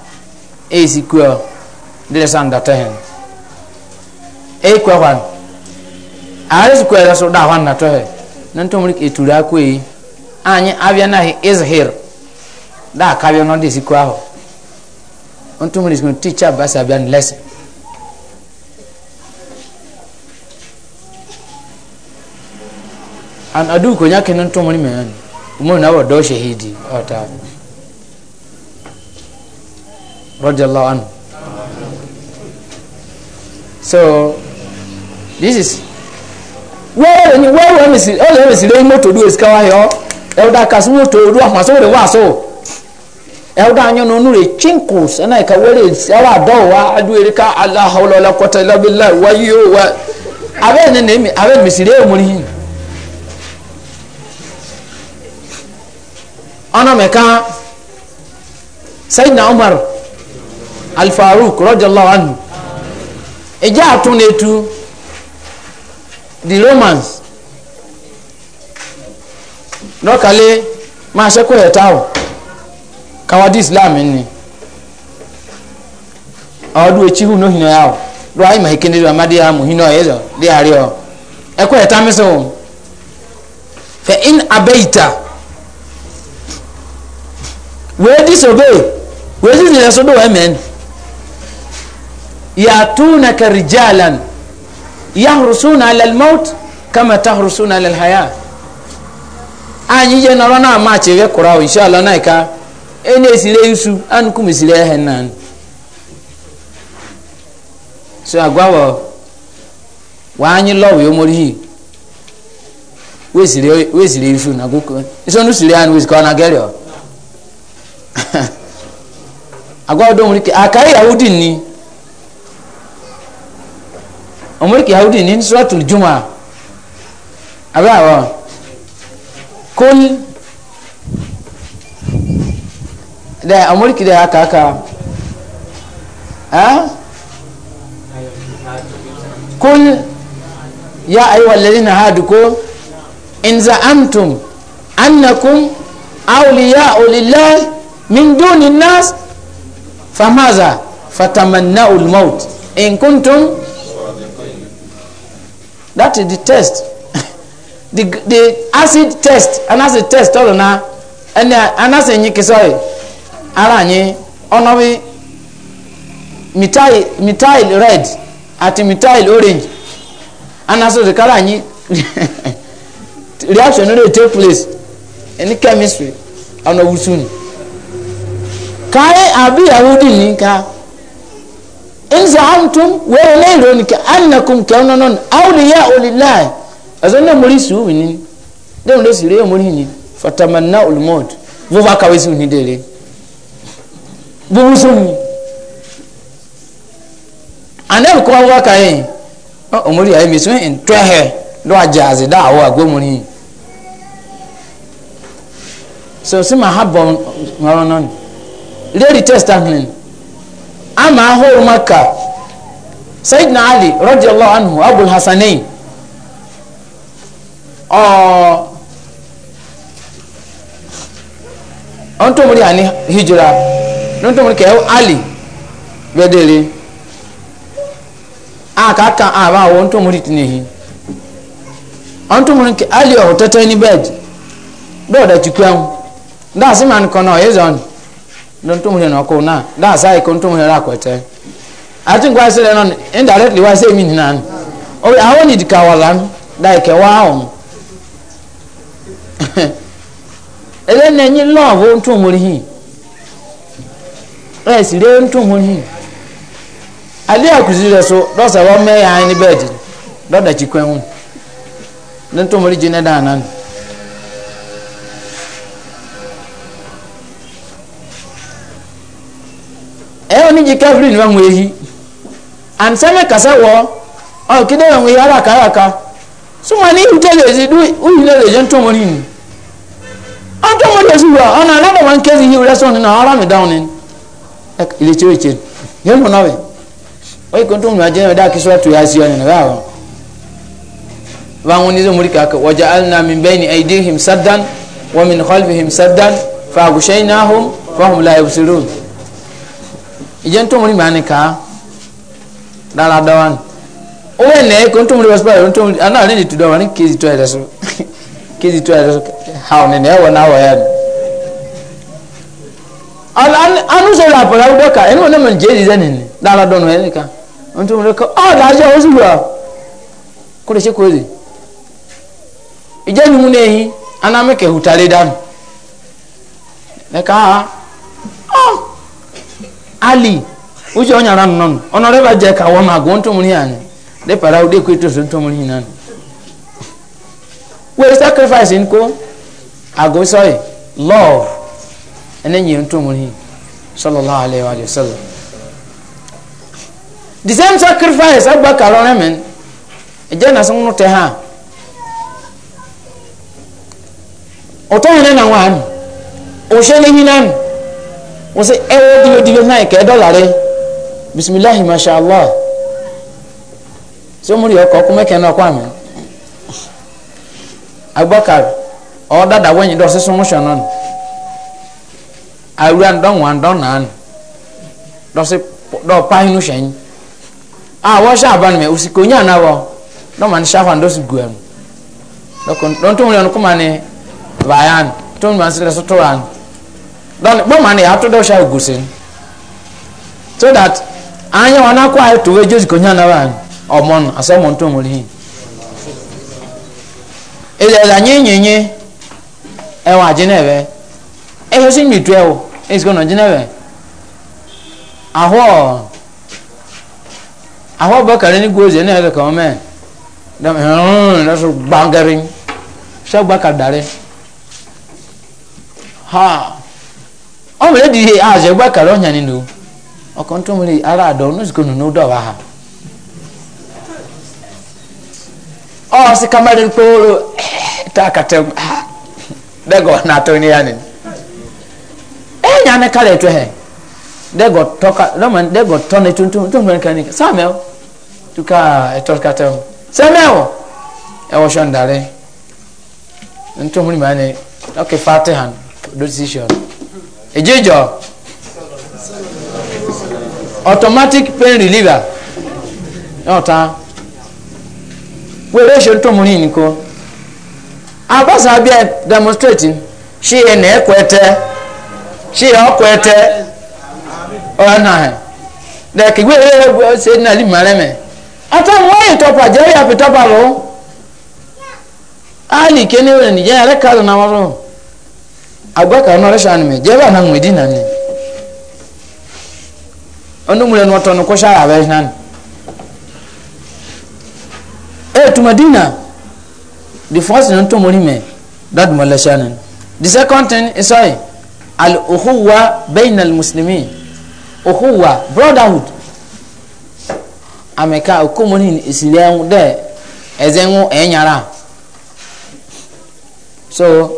ezi kwa dile sanda tehen e kwa wan ares kwa raso da wan na tohe nan to mulik itura ko yi anye avya na he izhir da ka bi no kwa ho on to no teacher basa bian lesson an adu ko nyake nan to mulik men na wa do shahidi o ta radiallahu anhu. So this is where when where when is all when is the motor do is kawa yo elder kas motor do ahma so we wa so elder anyo no nure chinkles na ka where is awa do wa adu erika alla hawla wala quwwata illa billah wa yu wa abe ne ne abe mi muri ana meka sayyidina umar alfaruk rọjàlá anhu ìjà àtúnetu the romans lọ́kàlẹ́ máa ṣẹ́kọ̀ ẹ̀ta ọ̀ kawadi islam ni ọdún etí hù nóhìn náà ọ̀ lọ́wọ́ àyè máa kéde lọ́wọ́ amáde àmọ̀ hìn náà ẹ̀zọ̀ dé àárẹ̀ ọ̀ ẹ̀kọ́ ẹ̀ta mẹ́sàn ọ̀ fẹ̀ in abẹ́yìtà wẹ́ẹ́ disobey wẹ́ẹ́ sì nílẹ̀ sọ́dọ̀ ياتونك رجالا يهرسون على الموت كما تهرسون على الحياه anyi je nọrọ na ama chege kura o inshallah na ka e na esire isu an kum esire ehe nan so agwawo wa anyi lo we omori we esire we isu na goko iso nu sire an we ko na gerio agwawo do muri ke akai yahudi ni ọmọlẹ́kì yahudi ní sọ́ọ̀tù jùmọ̀ abẹ́ àwọ̀ kún dẹ ọmọlẹ́kì dẹ akaka kún ya ayiwa lẹ́yìn náà hadu ko in za amtum annakum awliya olillah min duni nas famaza fatamanna ulmaut in kuntum that is the test the the acid test an acid test ọ̀rọ̀ na ẹni an acid yín kí sọ́ọ̀yì ara yín ọ̀nà bí methyl methyl red àti methyl orange an acid kára yín reaction no dey take place any chemistry ọ̀nà wùsùn káyé àbí yahoo dì ní ká in zahamtum wẹ́rẹ́ lẹ́yìn rẹ̀ nìkẹ́ annakum kẹ́wọ́n náà awliya olilai ẹ̀sọ́ náà mo rí sùúrù ni lẹ́yìn ló sì rí èmo rí ni fatamanna olumod bó bá kàwé sí òní dèrè bó sómi anẹ́bù kọ́ wá kàwé ọmọdé ayé mi sún ẹ̀ ń tọ́ ẹ̀ lọ́wọ́ àjẹ́ so sí ma ha bọ̀ testament. A ma ahụrụ m ka saidị n'ali rojhelọ anụ abụl hasanị ọ ọ ntụmụrụ ya n'ihijira n'otu nwere ali bedere a ka aka abụ awụ ntụmụrụ tinyehi ọ ntụmụrụ nke ali ọrụ tete n'ibe dị ọ dị atị kpem asị m anụ na ọ ị no ntumuri no na daa sai ko ntumuri ra ko te ati ngwa se no indirectly wa se mi nan o i want it ka wala da ke wa o ele na nyi love ntumuri hi e si re ntumuri hi ale akuzire so do sa wa me ya ni bed do da chikwen hu ntumuri jine da nan ẹ̀yọ́ níjì kẹfìrí ni wọ́n wéyí and sẹ́mi kàṣẹ́ wọ́ ọ̀ kéde wọn wéyí arákàràkà súnmọ́ ní ìhùtẹ́ lè ṣe ìhùn lè ṣe ń tó wọn nìyí ọ̀n tó wọn lè ṣe wà ọ̀nà alábọ̀ wọn kẹ́sì yìí rẹ́sọ̀ nínú ara mi dáhùn ní ilé tí ó ṣe yẹn mọ̀ náà wẹ̀ ó yẹ kó tó wọn jẹ́ ẹ̀dá kìsọ́ tó yà sí ọ̀nà rẹ̀ àwọn. báwọn oníṣẹ́ mú ríkà wọ́jà alinami bẹ́ẹ̀ni aidihim ìjẹ́ ntòmùrí màá ni kàá dára dáwà ni owó ẹ̀ nẹ́ẹ̀ kó ntòmùrí wọ́n sọ́pàá ntòmùrí àná àlẹ́ ni tùdọ̀ wọn ní kéèzì tó ẹ̀rẹ́ so kéèzì tó ẹ̀rẹ́ so ha ọ̀ nìyẹn wọ̀ náà wọ̀ yẹn. anúṣẹ́lẹ̀ àpọ̀lọ́ àwùjọ ká ẹni wọn náà mọ̀ ní jẹ́ẹ̀dì sẹ́ni ni dára dọ̀nù ẹ̀ nìkan ntòmùrí kọ́ ọ̀ dáṣẹ́ ó sì wà kó lè ṣe kó lè ìjẹ́ ni mu ní ẹyin anamíkẹ́ hùtàlẹ́ dànù ẹ̀ka ọ̀ ali uche onye ara nnọnụ ọnọrịba je ka wọma gụọ ntụmụrụ anyị depara ụdị ekwe tosu ntụmụrụ anyị wee sacrifice nkụ agụsọị love enenyi ntụmụrụ anyị sallallahu alaihi wa sallam the same sacrifice agbakara ọrịa men eje na sị nwute ha ụtọ hịnị na nwaanyị ụshe n'ihi nanị wọ́n sẹ́ ẹ wọ́n dìbò dìbò náà kẹ́ dọ́là rẹ bisimilahi masha allah sọ múri ọkọ ọkọ mẹkẹ náà kọ àmì agbọkàr ọ dada wẹnyin dọ sísun wọn sọnà nù awura ndọ wọn ndọ nàá nù dọ sí dọ pàhínú sẹyìn a wọ́n ṣe àbánu mẹ òsì kò nyà náà ah, wọ dọ́mà ní sáfà ndọ́ sì gu ẹ̀ nù dọ́kọ̀ dọ́ntún wọn kọ́ mà ní bàyà nù tó ń bá ń sílẹ̀ sọ́tọ̀ wà nù. dɔnni bó ma ni ato dɔ sa so that anya wọn akɔ ayi to edzo zikɔ nyana wa ɔmɔ no asɔmɔ ntɔ mo lihi ɛdɛ ɛdɛ anyi nyenye ɛwɔ adi na ɛbɛ ɛyɛ si nyi tu ɛwɔ esi kɔ na ɔdi na ɛbɛ ahɔ ahɔ bɔkari ni gozi ɛna ɛkɛ kɔn mɛ dɔm hɛn ɛdɛ gbangari sɛ gbaka dari ha. ọmọ yẹn di àjẹ gbẹ kàrọ ọnyà nínú ọkàn tó múlẹ ara àdọ oníṣègùn nínú dọwà ha ọsì kàmẹrin pọlọ tá a kàtẹ dẹgọ nàtọ ní yanni ẹ nyà ni kálẹ̀ tó hẹ dẹgọ tọka lọmọ dẹgọ tọni tuntun tó múlẹ kàní sàmẹ o tuka ẹtọ kàtẹ o sẹmẹ o ẹ wọ sọ ndarẹ ntọ múlẹ mọ ẹni ọkẹ fatihan ejejo automatic pain reliever ọta were ṣe tó mu ní nìkó abọ́sà bíi demonstrating ṣe ẹ̀ nà ẹ̀kọ́ ẹ̀tẹ́ ṣe ẹ̀ ọkọ̀ ẹ̀tẹ́ ọ̀rọ̀ náà ẹ̀ dẹ̀kì gbé ẹ̀ ṣe ní àlìmọ̀ rẹ̀ mẹ́ ọtọ́ mu wáyé tọ́pà jẹ́ ìyàpẹ̀ tọ́pà lọ́wọ́ áàlì kéne wẹ̀ nìyẹn ẹ̀rẹ́ kàdùn náà wọ́n rọ̀ agbaka no resha anime jeba na ngwedi na ni onu mure no to no ko shara be nan e eh, to medina the first thing to mori me that mala shanan the second thing is why al ukhuwa bain al muslimin ukhuwa brotherhood ameka okomoni isilen de ezenwo enyara so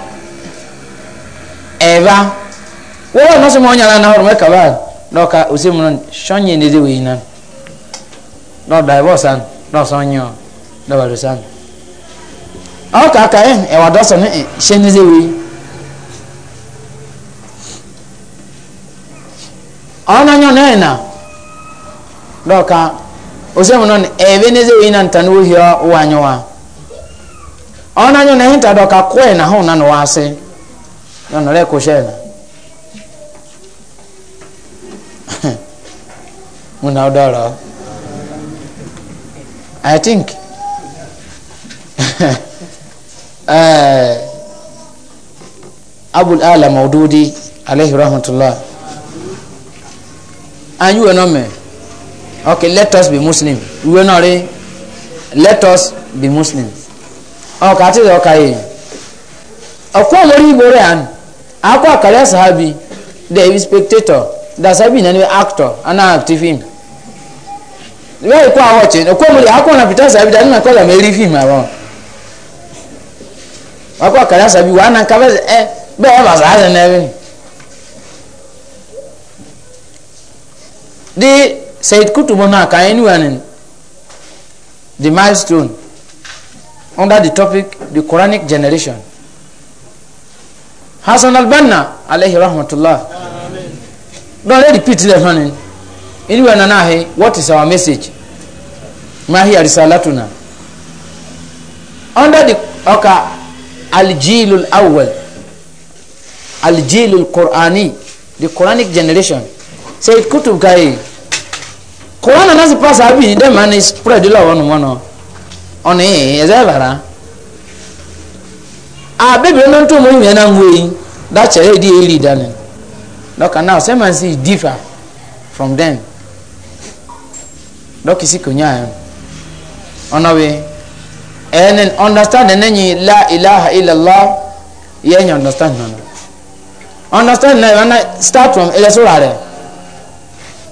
eva wewe no somo nyala na horo meka ba no ka usimu shonye ne dewe ina no divorce an no sonyo no ba rusan aw ka ka en e wado so ne she ne dewe ona nyo ne na no ka usimu no ebe ne dewe ina ntanu hio wanyo wa ona nyo ne hinta do ka kwe na ho na no wase non non è cosena una odoro I think uh, Abul Ala Maududi alayhi rahmatullah and you were not me okay let us be Muslim we were not eh? let us be Muslim okay I tell you okay ọkọ ọmọ orí ibo rẹ̀ àná akwa career sahabi there is spectator that sahabi na ni actor ana active film where you kwa watch no kwa muri akwa na pita sahabi dani na kwa la meri film abo akwa career sahabi wa na kabe eh be e ba sahabi na bi di said kutubo na ka anyone the milestone under the topic the quranic generation hasan albanna alayhi rahmatullah. don let repeat that one anywhere na nahe what is our message mahi arisalatuna under the oka aljilul awwal aljilul qur'ani the quranic generation so it kutub kai quran anasi pass abi dem man spread lawa no mono oni ezebara abebe no nto mo nyina ngwe da chere di eli dane doka now say man see differ from them doki si kunya eh? ona we and understand nenyi la ilaha illa allah yenye understand no understand na eh, wana start from ele eh, so rare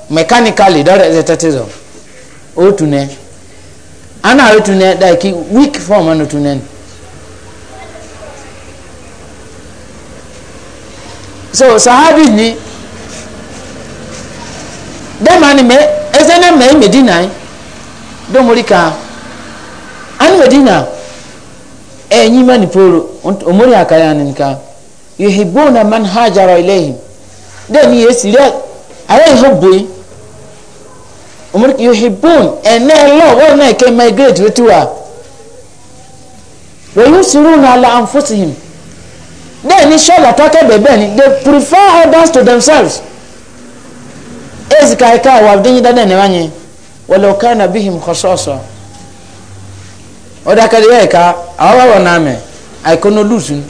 mechanically that is a tatizo otune ana otune da ki weak form anotune so sahabi ni dẹ́mà ni mẹ ẹsẹ̀ náà mẹ́ mẹ́dínà yìí dọ́mọ̀ríkà ani mẹ́dínà ẹ̀yìn mẹ́ni pòrò ọmọdé àkàyà ni nìkan yòhìbó na man hajara ilẹ̀yìn dẹ́ni yẹ si rẹ ayé ìhó bòye ọmọdé yòhìbó ẹ̀nẹ́ lọ́wọ́ náà kẹ́ migrate wetu wa wọ́n yóò sùúrù náà la ànfọ́sìn yìí bẹ́ẹ̀ ni ṣọ́ọ̀lù àtàkẹ́bẹ̀ bẹ́ẹ̀ ni they prefer others to themselves ezi kaika wa abdinyi dada ne wanyi wala ukana bihim khososo oda kadi yeka awa wa name i kono lusun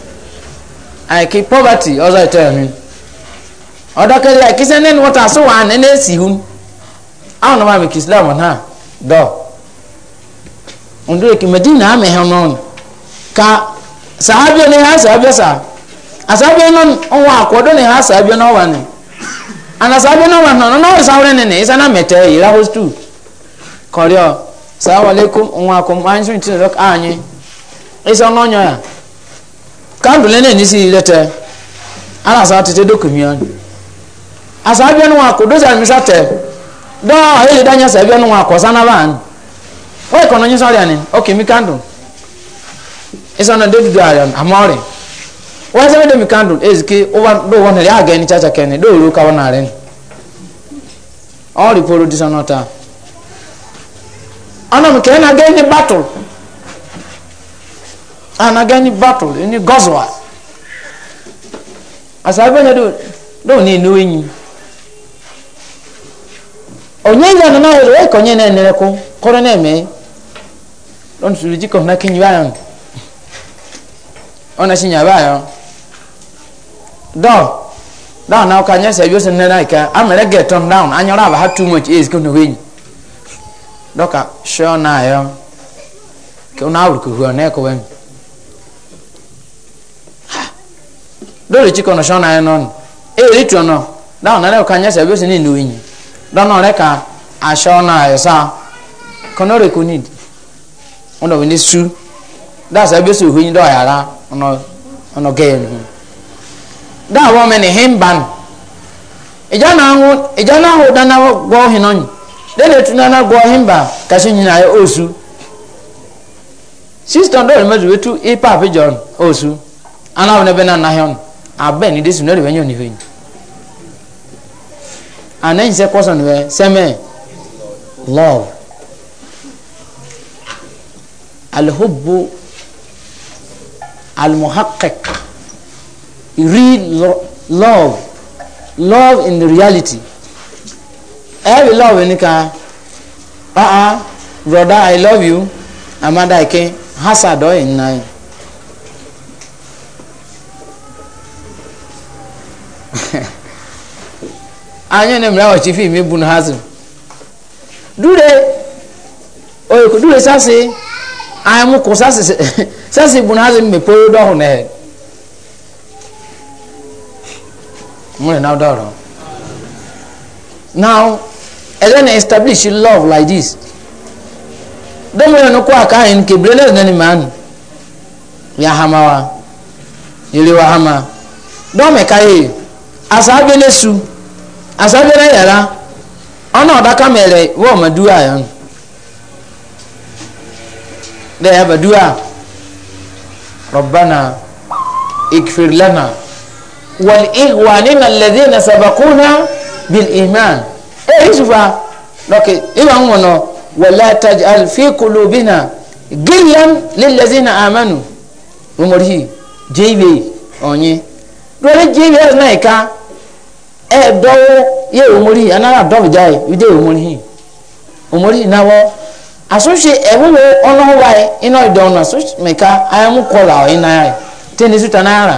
i ki poverty oza tell me oda kadi yeka senen wata so wa ne ne si hun awon ma mi islam na do ndo ki medina ame hanon ka sahabi ne ha sahabi sa asabe no wa akodo ne ha asabe no wa ne ana sabe no wa no no isa ne ne isa na mete ira host tu koryo assalamu alaikum wa akum anju tin anyị anyi isa no nyo ya kandule ne ni si lete ana sa tete dokumi anyi asabe no wa akodo sa mi sate do ele danya sabe no wa akosa na ban o ikono nyi sori ani okay mi kandu isa no wọ́n sẹ́mi dẹ́mi kandù ezike dóò wọ́n nílẹ̀ ga ní chacha kene dóò ló ka náà rẹ̀ all the polo dis anọ taa ọnà na kẹ́ni agẹ́ battle ana agẹ́ ní battle ní gọ́zọ̀wà àsàbẹ̀ ní dóò enyi onye ìlú na náà rẹ̀ ẹ̀kọ́ nye náà nìrẹ̀kọ́ Dọọ, dɔw na ka nyɛ sɛ yosef nana yi ka get turn down anyɔrɔ aba ha too much is kɔnɔ wɛnyi dɔ ka sure na yɛ kɛw na awuri kuhu ɔnɛ kɔ wɛnyi dɔw de ti kɔnɔ sure na yɛ nọ e yi tɔ nɔ dɔw na ka nyɛ sɛ yosef ni nu wɛnyi dɔw na ka a sure na yɛ sa kɔnɔ de ko need ɔnɔ wɛnyi su dɔw sɛ yosef wɛnyi dɔw yara ɔnɔ ɔnɔ gɛyɛ nuhu. daa wɔn mɛ ne hen ban ìjà náà ho ìjà náà ho dáná gbọ́ hin náà lẹ́lẹ̀ tún náà gbọ́ hin ba kàṣí nyina yẹ osu sísítọ̀n dọ́ọ̀lù mẹ́tò wetu ipa àpéjọ osu anáwó ne bẹ́ náà náà hẹ́wọ̀n abẹ́ ni desu lórí bẹ́ nyẹ́ onífẹ́ yìí anayin sɛ kɔsɔn bɛ sɛmɛ lɔv alihubu alimuhakɛk. read lo love love in the reality every love in ka ah ah brother i love you amanda ike hazard oil na anya na mra wachi fi bu bun hazu dure oyo dure sase ayi mu ko sase sase bun hazu me poro do ho na he mure now daro now and then establish love like this don mure no kwa ka in ke brele na ni man ya wa ile wa hama don me kai asabe lesu asabe na yara ona odaka mere wo madua ya da ya badua ربنا اغفر لنا والإهوانين الذين سبقونا بالإيمان إيه شوفا لكن إيه ولا تجعل في قلوبنا غلا للذين آمنوا ومره جيبي أوني lórí jíìbì ẹ̀rọ náà ìka ẹ̀ẹ́dọ́wọ́ yẹ òmórí anára dọ́bìjà yìí ìdè òmórí yìí òmórí ìnáwó àsúnṣe ẹ̀wúwo ọ̀nà wáyé iná ìdọ̀nà àsúnṣe mẹ́ka ayọ́mú kọlà ọ̀yìn náírà tẹ́ni sùtà náírà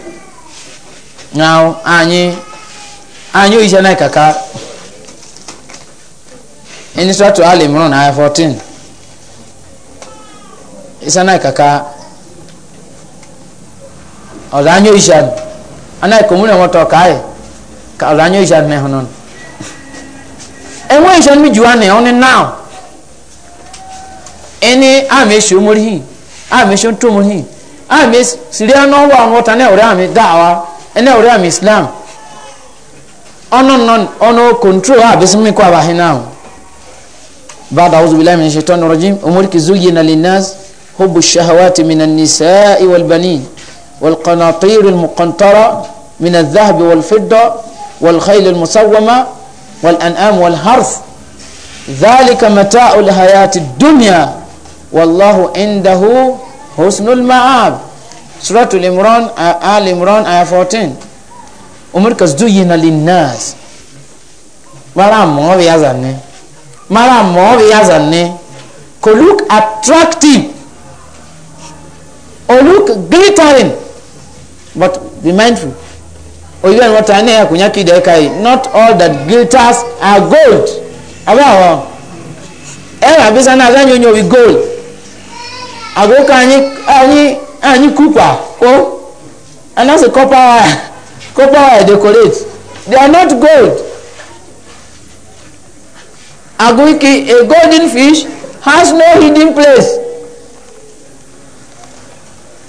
now anyị anyị oyise na kaka ịnị sọtụ alị mụrụ na ahịa 14 ịsa na kaka ọzọ anyị oyise anaghị ka omume nwata ọka anyị ka ọzọ anyị oyise na ịhụnụ enwe oyise mmiri juwa na ọnụ now ịnị ama esi omori hi ama esi ntụ omori hi ama esi siri anụ ọwa ọnụ ọta na ewere ama daawa ɛnna wɔde am islam ɔno no ɔno control a bisimi kɔ abahin naa بعد أعوذ بالله من الشيطان الرجيم أمرك زين للناس حب الشهوات من النساء والبنين والقناطير المقنطرة من الذهب والفضة والخيل المسومة والأنعام والحرث ذلك متاع الحياة الدنيا والله عنده حسن المعاب Al imran al imran aya 14 umar ka zuyina linnas mara mo bi yazanne mara mo bi yazanne ko look attractive or look glittering but be mindful oyiwe ni wata ne akunya kide kai not all that glitters are gold abawo ẹwà bisa na azanyo nyo wi gold agoka anyi anyi anyị kupa o and that's a copper wire copper wire decorate they are not gold aguiki a golden fish has no hidden place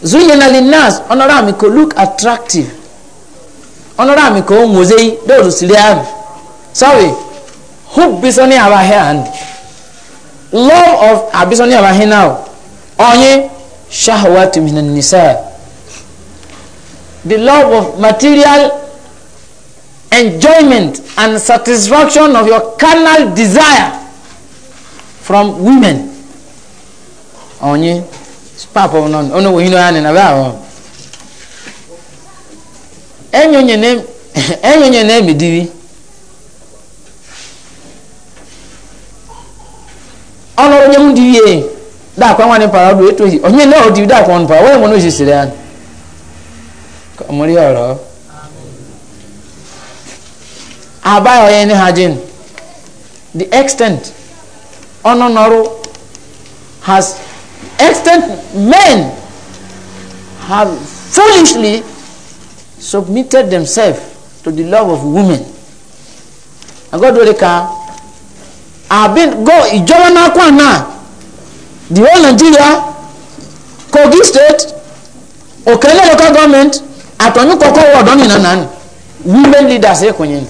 zuyena linas ọnọrọ àmì kò look attractive ọnọrọ àmì kò nwòze yìí dóòdù sílẹ̀ àmì sorry hope bisọ ní àbáhẹ́ and love of abisọ ní àbáhẹ́ now ọ̀yin shahwat minan nisa the love of material enjoyment and satisfaction of your carnal desire from women onye papa ọnọ ọnọ wo hinọ ya na bẹ ahọ oh. enyonye na emidiri ọnọ onye mu diri yie da kwa wani para do eto hi onye na odi da kwa npa we mo no sisire an komori oro abayo ye ni hajin the extent ononoru has extent men have foolishly submitted themselves to the love of women agodorika abin go ijoba na kwa na the whole nigeria kogi state okele local government atɔnyu kɔkɔ wɔ dɔnni nanan women leaders ekonye eh,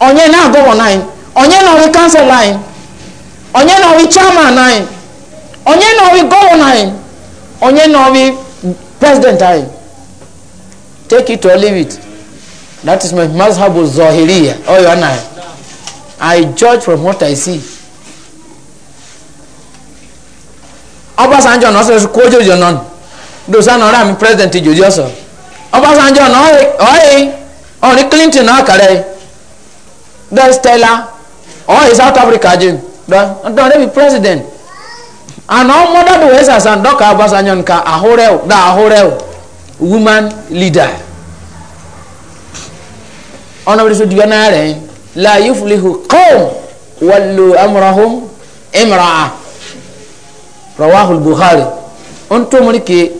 Onye na agɔwɔ nan Onye na ɔri council line. Onye na ɔri chairman nan Onye na ɔri gɔwɔ nan Onye na ɔri president nan take it or leave it that is my mazhabu zohiriya ɔyɔ oh, nan i judge from what i see. ọbasanjọ na ọsọ kó jòjò nọ dosa na ọrẹ mi president jòjì ọsọ ọbasanjọ na ọyẹ ọrin clinton náà kàrẹ dẹ stella ọyẹ south africa jẹ dọ dẹ bi president àná ọmọdọdọ wẹẹ sàṣàn dọkà ọbasanjọ nka ahorẹw dá ahorẹw woman leader ọ̀nà bí so dìgbà náà rẹ̀ la yìí fulihu kọ́ wàllu amúrahùn imraa rawahul buhari ó ń tó mu ní ke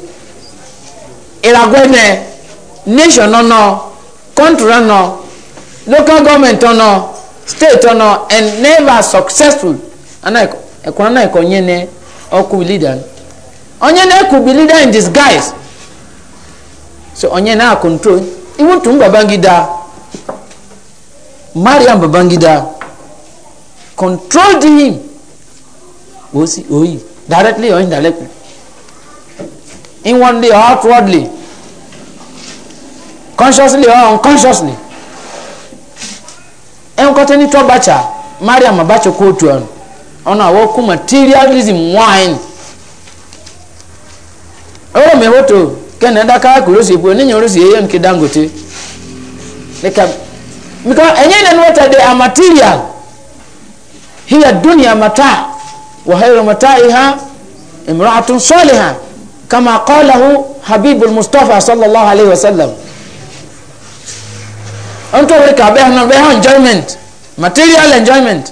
ìràgọ́nẹ̀ nation ọ̀nà country ọ̀nà local government ọ̀nà state ọ̀nà and never successful ẹ̀kọ́ náà ẹ̀kọ́ yẹn ní ọkùn leader onye náà could be leader in disguise so onye náà control even tun babangida mariam babangida controlled him ó sì òyìn. directly or indirectly inwardly or outwardly consciously or unconsciously enkọta to bacha mariam abacha kwa otu ọnụ ọnụ awokwu materialism wine ọrụ m ewoto kene daka kuru osi ebuo ninyi si eye nke dangote dịka because enye na nweta dị a material here dunia mataa وخير متاعها امرأة صالحة كما قاله حبيب المصطفى صلى الله عليه وسلم انتو أمريكا بيها بيها enjoyment material enjoyment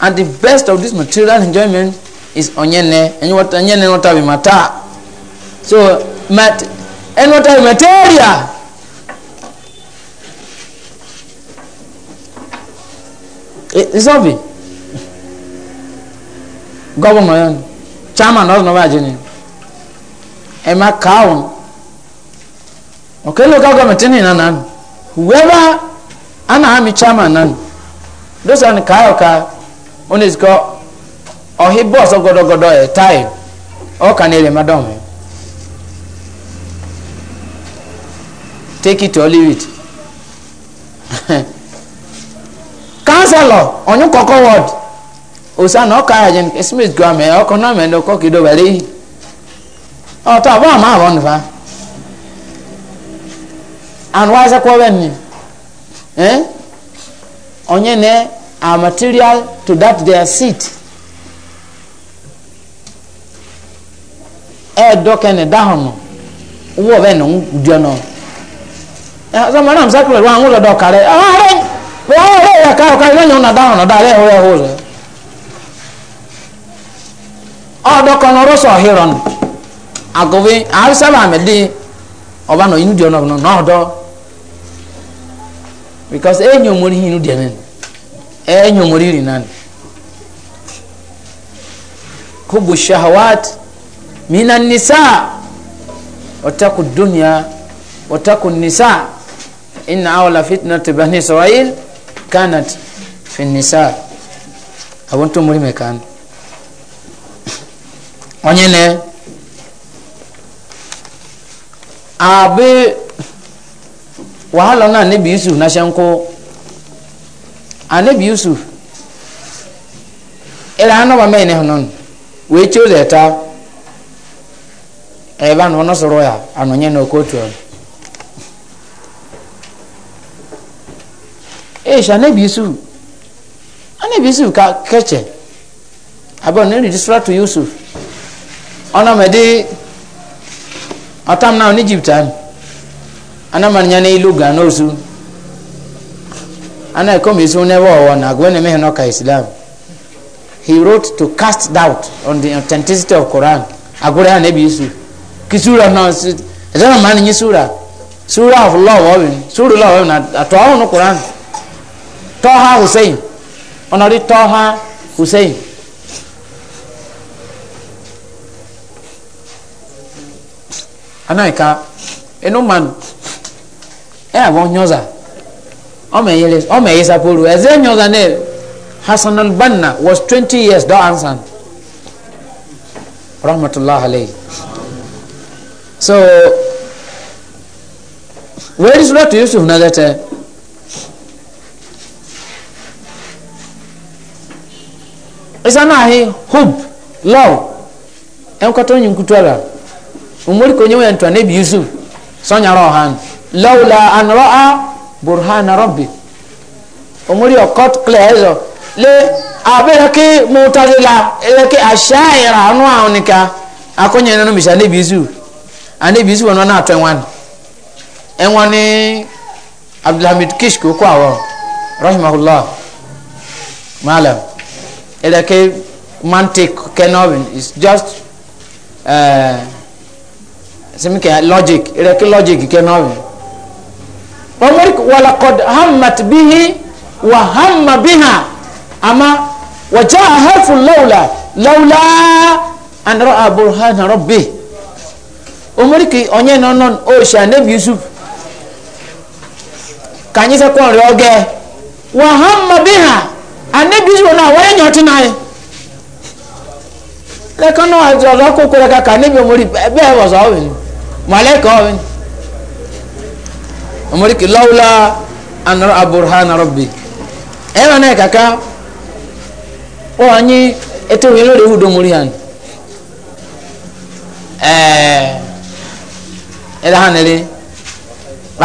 and the best of this material enjoyment is onyene onyene not have mata so mat and what have material it's obvious gọvanọ ya chairman ọzọ n'ọba ajini emma kawun ọkọ local government ni na nan whoever ana ami chairman nan those are ka ọka on is ko ọhi bọs ọgọdọgọdọ ẹ eh, taị ọka na-ere madam eh. take it or leave it councillor onyekọkọ ward osa na ọka ahịa jen smith gwa mee ọkụ na mee ọkọ kido were ihe ọtọ abụọ ma abụọ nfa and why is kwọwe nni eh onye na a material to that their seat e doke ne dahon wo be no dio no eh so manam sakule wa ngulo ah re re ya ka ka na da re ho ho ọdọ kan ọrọ sọ hiron agobe arisala amedi ọba nọ inu diọ nọ n'ọdọ because enyo mori inu diẹ nani enyo mori ri nani kubu shahawat mina nisa wataku dunya wataku nisa ina inna awla fitnati bani israel kanat fi nisa abuntu mori mekano onye ne abe wahala na anabi yusuf na shenko anabi yusuf ila anọba mene hụnụ wee chose eta ebe anọ ọnọ sọrọ ya anọnye na okotu ọnụ eish anabi yusuf anabi yusuf ka keche abụọ na disra to yusuf ona mede atam na ni jibtan ana man nyane ilu gano su ana ko mi ne na gwe ne me islam he wrote to cast doubt on the authenticity of quran agure ha ne bi su ki sura na ezana man ni sura sura of law wa bin sura law wa na atwa quran toha hussein ona ri toha hussein anaika eno man e abo nyoza ome yele ome yesa polu eze nyoza ne Hassan al-Banna was 20 years do ansan rahmatullah alayhi so where is lot Yusuf na that isana hi hub love enkoto nyinkutwala umuri ko nyewe ntwa ne bizu sonya rohan laula an ra'a burhana rabbi umuri o kot klezo le abere ke mutazila ele ke ashaira anu aunika akonye no misha ne bizu ane bizu wono na enwani wan enwan ni abdulhamid kishko kwa wa rahimahullah malam ele ke mantik kenobin is just uh, simi ke logic ire ke logic ke no bi wa murik wala qad hammat bihi wa hamma biha ama wa jaa harfu laula laula an ra'a burhana rabbih omoriki onye no non o sha nabi yusuf kanyi se ko re oge wa hamma biha anabi yusuf na wa enyo tinai le kan no ajo ro ko ko ka kanibi omori be wa so malaika ọbẹ ọmọdéke lọ́wọ́lá anọrọ aburhan rọbì ẹ wọn náà kàkà ó wà ní ètò ìwé lórí ìwúdò mórí hàn ẹ ẹ dá hàn ní rí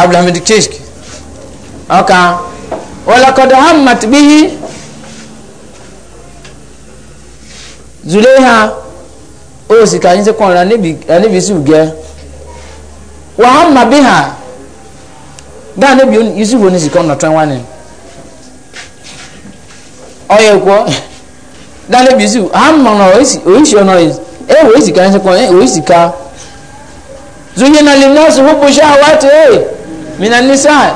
abdulhamid chishk ọkà wọlọkọdọ hamad bihi zuleha ó sì kà ní sẹkọnd anibi anibi sùn gẹ. وهم بها ده نبي يوسف ونزي كون نتوان وانين ọyọ ẹkọ dáná bìsù hàmà ọ̀nà oríṣi ọ̀nà ẹ wò èsì kan ṣẹkọ ẹ wò èsì ká zuyina linnasu hubu shahawati eh mina nisa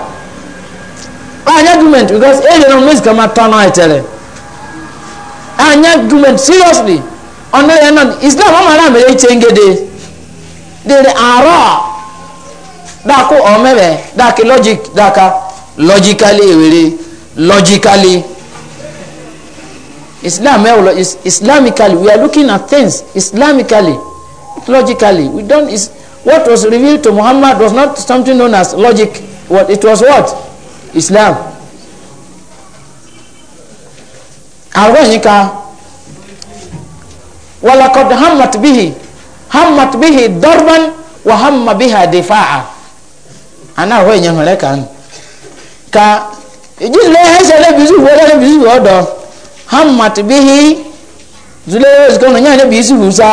anya argument because eh yana miss kama tana itere anya argument seriously ọ̀nà yana islam ọmọ aláàmì ẹ̀ ṣe ń gede dèrè àárọ̀ dako ọmẹrẹ dake logic daka logically ewere logically islam ẹ is islamically we are looking at things islamically logically we don't is what was revealed to muhammad was not something known as logic what it was what islam àwọn yìí ka hammat bihi hammat bihi darban wa hamma biha difa'a ana hɔ enye hɔn lɛ kan ka ìdílé hẹsẹ lẹbi ìsìwò lẹbi ìsìwò ọdọ hamat bihi zulẹ ìsìkọnù nyà lẹbi ìsìwò sa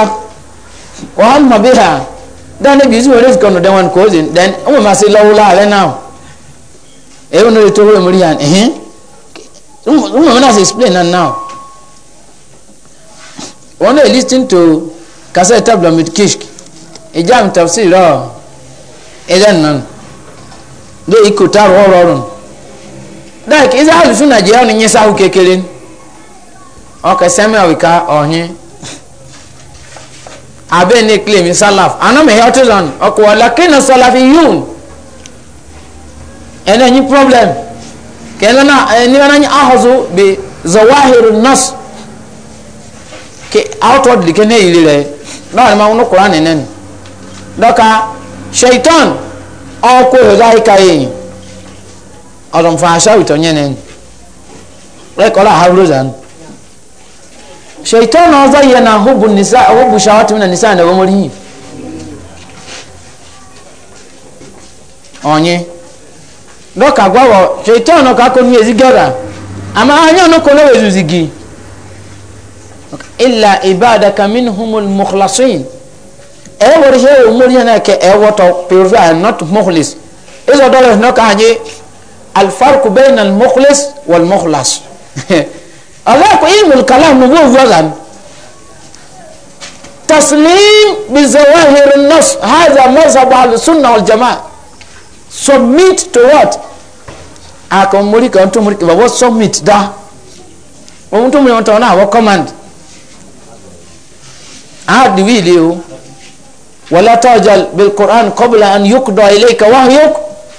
wà hàmà biha dáná lẹbi ìsìwò lẹbi ìsìkọnù dẹ wọn kò zin dẹn ọmọ ma se lọwọ láàrẹ náà èyí wọn lè tó wọlé múlí yàn ẹhìn ọmọ mi náà se explain that now wọn lè lis ten to cassette tablet with kishk ìjà mi tafsir rọ ẹdẹ nìyẹn. ta ikotaru ọrụ ọrụ dak ize alụsụ na jee ọnụ nyesa ahụ kekere ọka samuel wika ọhị abe ne claim salaf anam ehe ọtụzọn ọkụwa lakina salaf yun ẹnna nyi problem kẹlẹ na ẹni na anyi ahọzọ bi zawahiru nas ke outwardly ke ne yiri rẹ náà ni ma wọn kura nínú ni dọka shaitan. ọkụ ịza ịka ya ọdụmfa asa ụtọ nye nen rekọrọ aha rozan shaitan ọzọ ihe na hubu nisa hubu shawatim na nisa na womori onye dọka gwawo shaitan ka akọ n'ihe zigara ama anya ọnụkọ na wezuzigi illa ibadaka minhumul mukhlasin e wori he o muri na ke e woto pure and not mukhlis izo dole no ka ni al farq bayna al mukhlis wal mukhlas Allah ko ilmu al kalam no wo wagan taslim bi zawahir al nas hadha mazhab al sunnah submit to what akomuri ka ntumuri ka wo submit da omuntu mu yonta na wo command ah di wili o ولا تعجل بالقرآن قبل أن يقضى إليك وحيك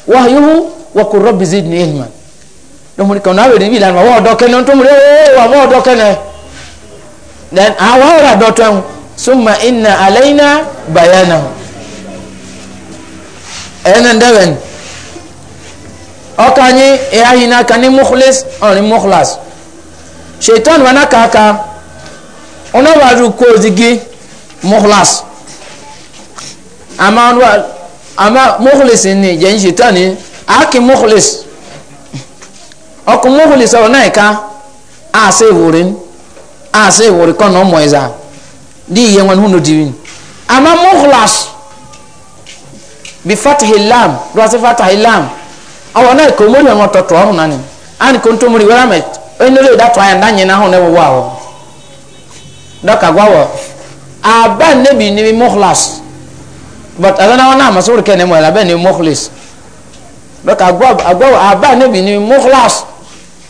وحيه وقل رب زدني علما lọ́mọdé kan náà rèé ìlànà àwọn ọ̀dọ́ kẹ́ni tó ń rí ẹ̀ẹ́wọ̀ àwọn ọ̀dọ́ kẹ́ni then àwọn ọ̀rọ̀ àdọ́tọ̀ ẹ̀hún súnmọ́ iná àlẹ́yìnà bàyánà ẹ̀ẹ́nà dẹ́wẹ̀n ọkà yín ẹ̀yà yín náà kan ní mukhlis ọ̀rìn mukhlas ṣètọ́nù wọn náà kàákà ọ̀nà wàá rú kóòzì mukhlas ama wa ama mukhlis ni jen shitani aki mukhlis oku mukhlis o na ka a se wurin a se wuri kon no moiza di yen wan hunu diwin ama mukhlas bi fathi lam do se fathi lam awona ko mo ni won toto ohun nani an ko nto mo ri wala me eno le da to ayan danye na ho ne wo wa wo doka gwawo aba nebi ni mukhlas but azana wọn náà masoro kẹ́ni mu ẹ̀rọ abẹ́ ni mukhlis lọ́kà àgbọ̀ àbá níbi ni mukhlas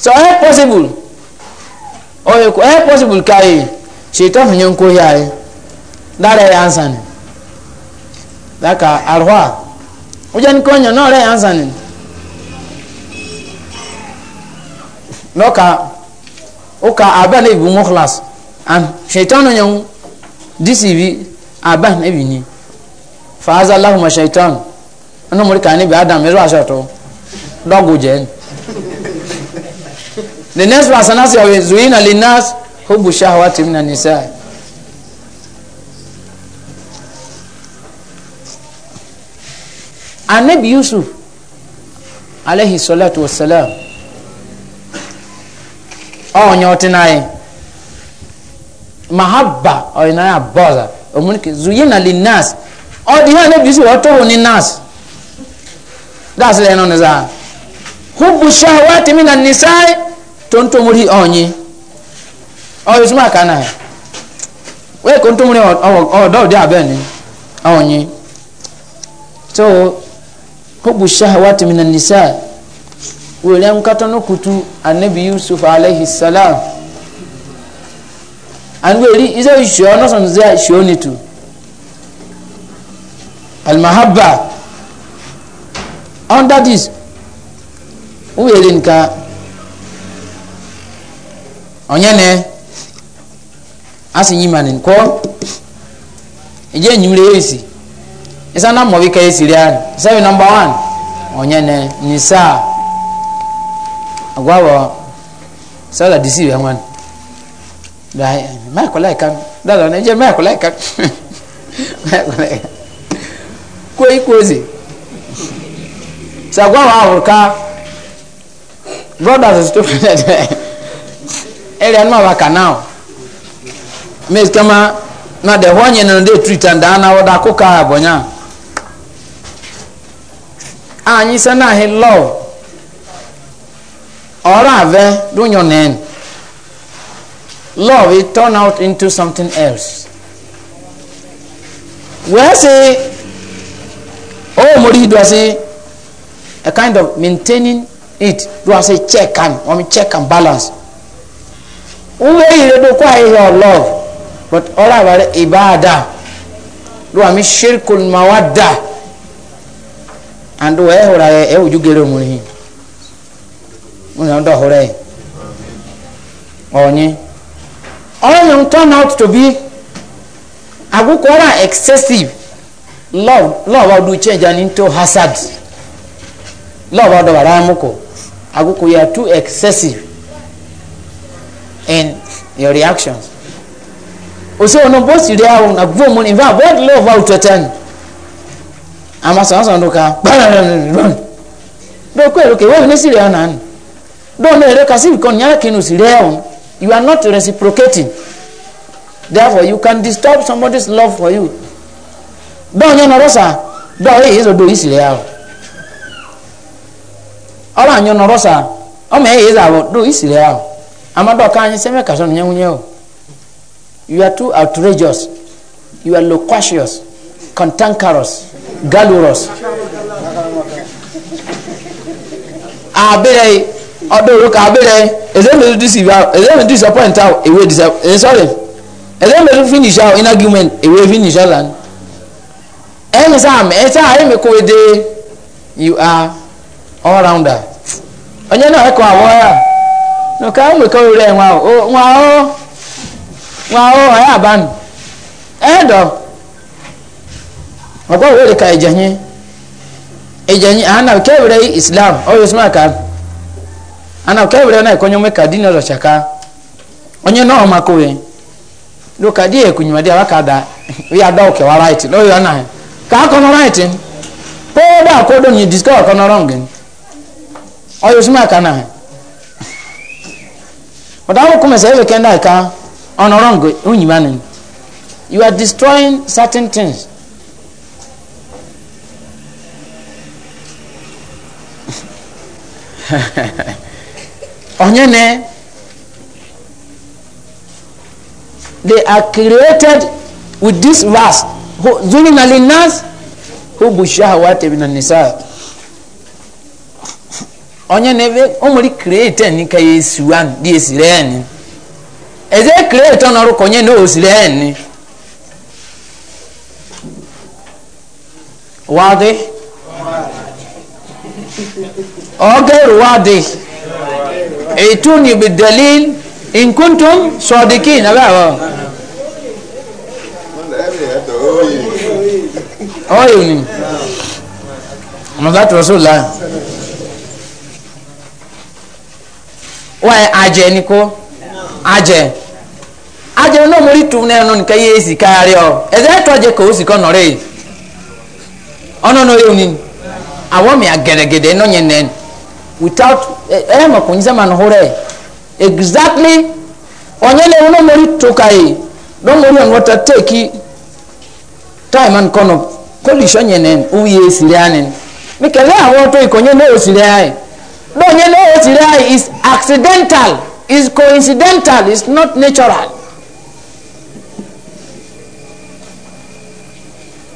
so ẹ̀ possible ọ̀yẹ̀ kò ẹ̀ possible káyé ṣètò àfihàn kó yá ẹ̀ dára ẹ̀ ansa ni dáka àrùwá ó jẹ́ ní kí wọ́n yàn náà rẹ̀ ansa ni lọ́kà ó ka àbá níbi mukhlas and ṣètò ànàyàn dcv àbá níbi ni fàáza aláhùnmọ̀ ṣèitán inú mú ká níbi adam mẹ́rọ aṣọ tó dọ́gù jẹ́ ni. the next verse náà sì ọ̀rẹ́ zuyin alinas hubu shahwa timna nisa. anabi yusuf alayhi salatu wa salam ọ̀nyẹ́ ọtí náà yẹn mahaba ọ̀yìn náà yà bọ́ọ̀dà òmùnìkì zuyin alinas ọ dị ihe a na-ebisi ọ tụrụ ni nas das lẹnu ni zaa hubu shahwati mi na nisai tontomori ọnyi ọ yẹ suma kana yẹ wẹ́ẹ̀ kó ntomori ọ̀dọ́ òde abẹ́ ni ọnyi so hubu shahwati mi na nisai wòlẹ́ nkatọ́ no kutu anabi yusuf alayhi salam and wẹ́ẹ̀rí iṣẹ́ ìṣọ́ ọ̀nà sọ̀nù zẹ́ ìṣọ́ ni almahabba under this wúwèrè nka ọ̀nyẹ́nẹ́ asìnyí ma ní nkọ́ ìjẹ́ ìnyìmìlẹ̀ yóò sì ìsá náà mọ̀ bí ká èsì rẹ̀ àná sẹ́yìn nọmba wán ọ̀nyẹ́nẹ́ nìsá àgbáwọ̀ sọ́dà dìísì rẹ̀ wọn máa kọ́ láìka dáadáa ọ̀nà ìjẹ́ máa kọ́ láìka máa kwe ikwu eze sagwa ahụ ka brothers stupid ere anụ ọba ka now mes kama na de hụ onye nọ ndị trita nda na ọda akụkọ ha bụ a anyị sị na ahị lọv ọrụ ave dunyo nen love it turn out into something else wee see. oh mori do say a kind of maintaining it do I say check and I mean check and balance uwe ire do kwa your love but all about ibada do I mean shirkul mawadda and we hora e ujugere muri una ndo hore onye all turn out to be agukora excessive love love adu change and into hazard love adu baramuko aguko you are too excessive in your reactions ose ono bosi re awo na gbo mo ni va what love out to ten ama san san do ka do ko ero ke wo ni si re anan do na ere ka si kon you are not reciprocating therefore you can disturb somebody's love for you dɔɔnyɛ nɔrɔsa dɔɔ eyi zɔ do isile ya o ɔba anyɔ nɔrɔsa ɔma eyi zɔ awɔ do isile ya ama dɔɔ ka anyi sɛmɛ kasɔ nyɛ nyɛ o you are too outrageous you are loquacious cantankerous gallurous abere ɔdɔ oroka abere ezemelu disip ya ezemelu disappoint ya ewe disappoint e, sorry ezemelu finish ya in argument ewe finish ya any time anytime make you are all rounder onye náà ẹkọ ya nǹkan ọmọ rẹ nwa o nwa o o ẹdọ ọgbọ wo ka ìjẹyìn a àná kẹwìrẹ e islam ọyọ sọmọ àká kẹwìrẹ náà ìkọnyọ mẹka dínà lọ ṣàká onye náà ọmọ akọwé díẹ kùnyìmọdé àwọn lọyọ náà. ka akɔ no right n kóódà kóódà ní discover akɔ no wrong n ɔyɛ osuma aka na ɔdà àwọn kò mẹsà ɛfɛ kẹndà ká ɔnà wrong ɔnyìnbá you are destroying certain things. ɔnyɛ they are created with this verse زين للناس حب الشهوات من النساء onye nebe omori create ni ka yesu an di esire eni eze create na ruko onye na osire eni wadi oger wadi eituni bidalil in kuntum sadiqin abawa How are you? Ni? No, that was so loud. Why, Aje, Nico? Aje. Aje, no, Muri, tu, ne, no, nika, ye, si, ka, ari, o. E, zay, tu, Aje, ko, si, ko, no, re. O, no, no, yo, ni. A, wo, mi, a, gede, gede, no, nye, nen. Without, e, e, mo, ko, nize, man, hore. Exactly, o, nye, le, no, Muri, tu, ka, ye. No, Muri, on, wata, take, time, and, kono, kolisho nyenen uye sirianen mikele awon to ikonye ne osiriai no nye ne osiriai is accidental is coincidental is not natural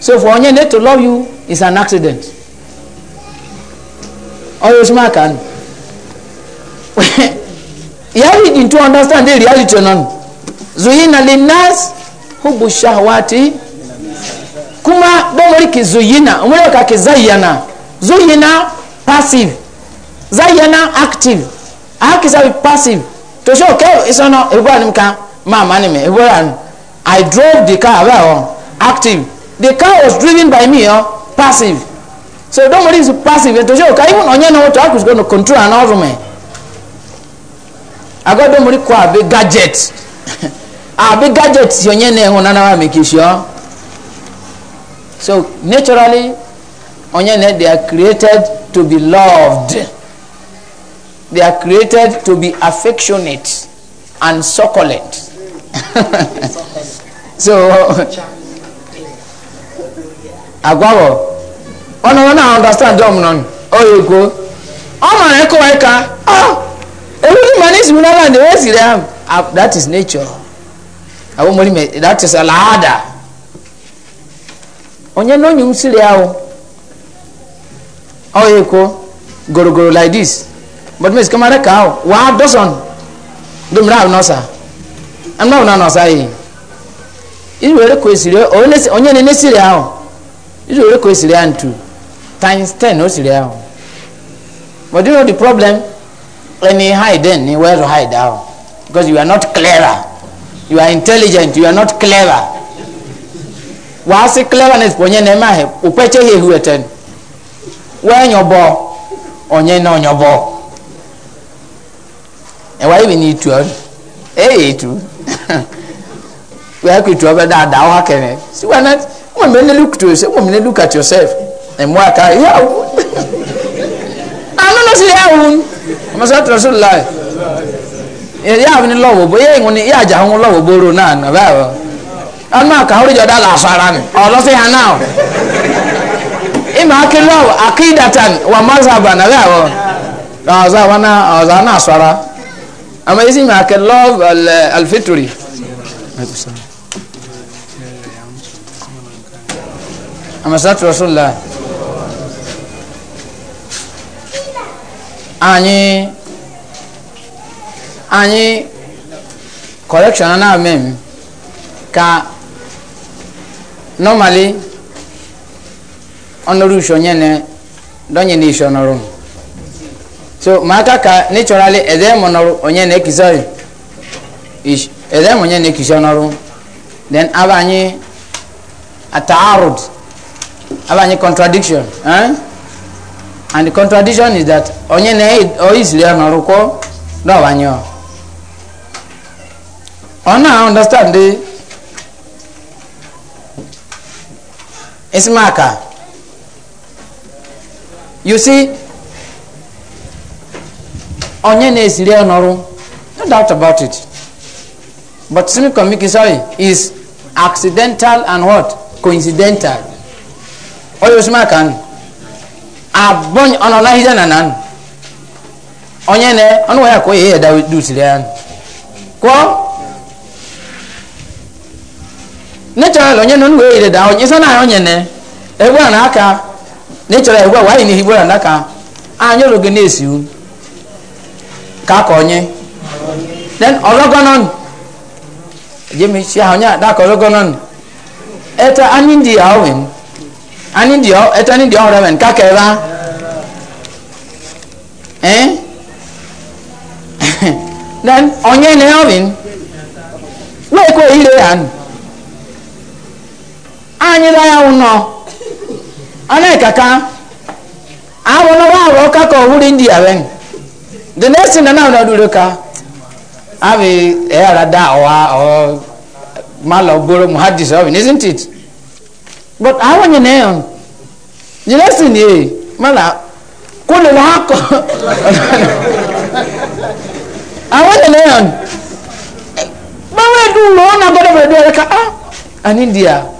so for onye ne to love you is an accident oyo sima kan yari to understand the reality non zuyina linnas hubu shahwati kuma bomori ki zuyina umuri ka ki zayyana zuyina passive zayyana active A aki sabi passive to show ke isono ebuwa ni mka ma mani me ebuwa i drove the car away active the car was driven by me Oh, passive so don't worry. It's passive e to show ka even onye na otu aku is going to control an orume don't worry kwa be gadget abi gadget yonye na ehunanawa mekishio so naturally onyene they are created to be loved they are created to be affectionate and succulent so agwawo ọnà wọn náà understand ọmọ náà ọyọ èkó ọmọ rẹ kọ ẹ ká ọ ewu ni mani sùn náà wà ní wẹ́ẹ̀sì rẹ that is nature àwọn ọmọ ní that is alaada onye na onye usiri ahụ ọya eko gorogoro like this but miss kamara ka ahụ waa dosan domra ahụ nọsa anụ ahụ na nọsa yi iwere ko esiri onye na nesiri ahụ iwere ko esiri ahụ ntu times ten o siri ahụ but you know the problem any hide then ni where to hide ahụ because you are not clever you are intelligent you are not clever. waasi cleverness onye na eme ahụ okpeche ehu wee nyọbọ onye na onyọbọ ewa ibi na itu ọrụ eye itu wee kutu ọbụ da ada ọha kene si wee na ụmụ ha nne look ha yourself ụmụ ha look at ha emu aka ha awụ anụ ha si ya ha ọmọsọ atụrụ ha laa ya ha ni lọwọ ha ya enwe ya aja ahụ ha bụ ama ka hori jada la asara ni ọlọ si ha naa ima akilawo akidatan wa mazhaba na gawo ọzọ wana ọzọ ana asara ama isi ma akilawo alfitri ama sati rasulillah anyị anyị correction na mem ka normally ọnọrụ usho nye na donye na isho so ma aka ka naturally edem onyene onye na ekizori edem onye na ekisho nọrụ then aba anyị ataarud aba anyị contradiction eh? and the contradiction is that onye na oiziri kwọ dọwa anyị ọ ọ na understand the Is Ismaaka. You see, onye na-esiri ọnọrụ, no doubt about it. But Simikomiki, sorry, is accidental and what? Coincidental. Oyo Ismaaka nụ. Abonye ọnọ n'ahịa na nanụ. Onye na ọnụ ya ka o yi ya dawe dusiri ya nụ. Kwọọ natural onye nonu wee ire da onye sana onye ne egwa na aka natural egwa wa ni hibora na aka anyo roge na esiu ka ka onye then orogonon jemi si ha onye da ka orogonon eta anindi awen anindi o eta anindi o ramen ka ka eba eh then onye eh, ne oven we ko ire anu anyị na ya ụnọ anaghịkaka ahụ na wa ahụ ọka ka ọhụrụ india wen the next thing na na ọdụ ọdụ ka abi ẹyàrá e dá ọwa ọ mala ọgbọrọ muhadis ọbin isn't it but àwọn yìí nìyẹn e, the next thing yìí mala kó lè wá kọ àwọn yìí nìyẹn báwo ẹdùn lọ́wọ́ náà gbọ́dọ̀ bẹ̀rẹ̀ dùn ẹ̀ka ah and india.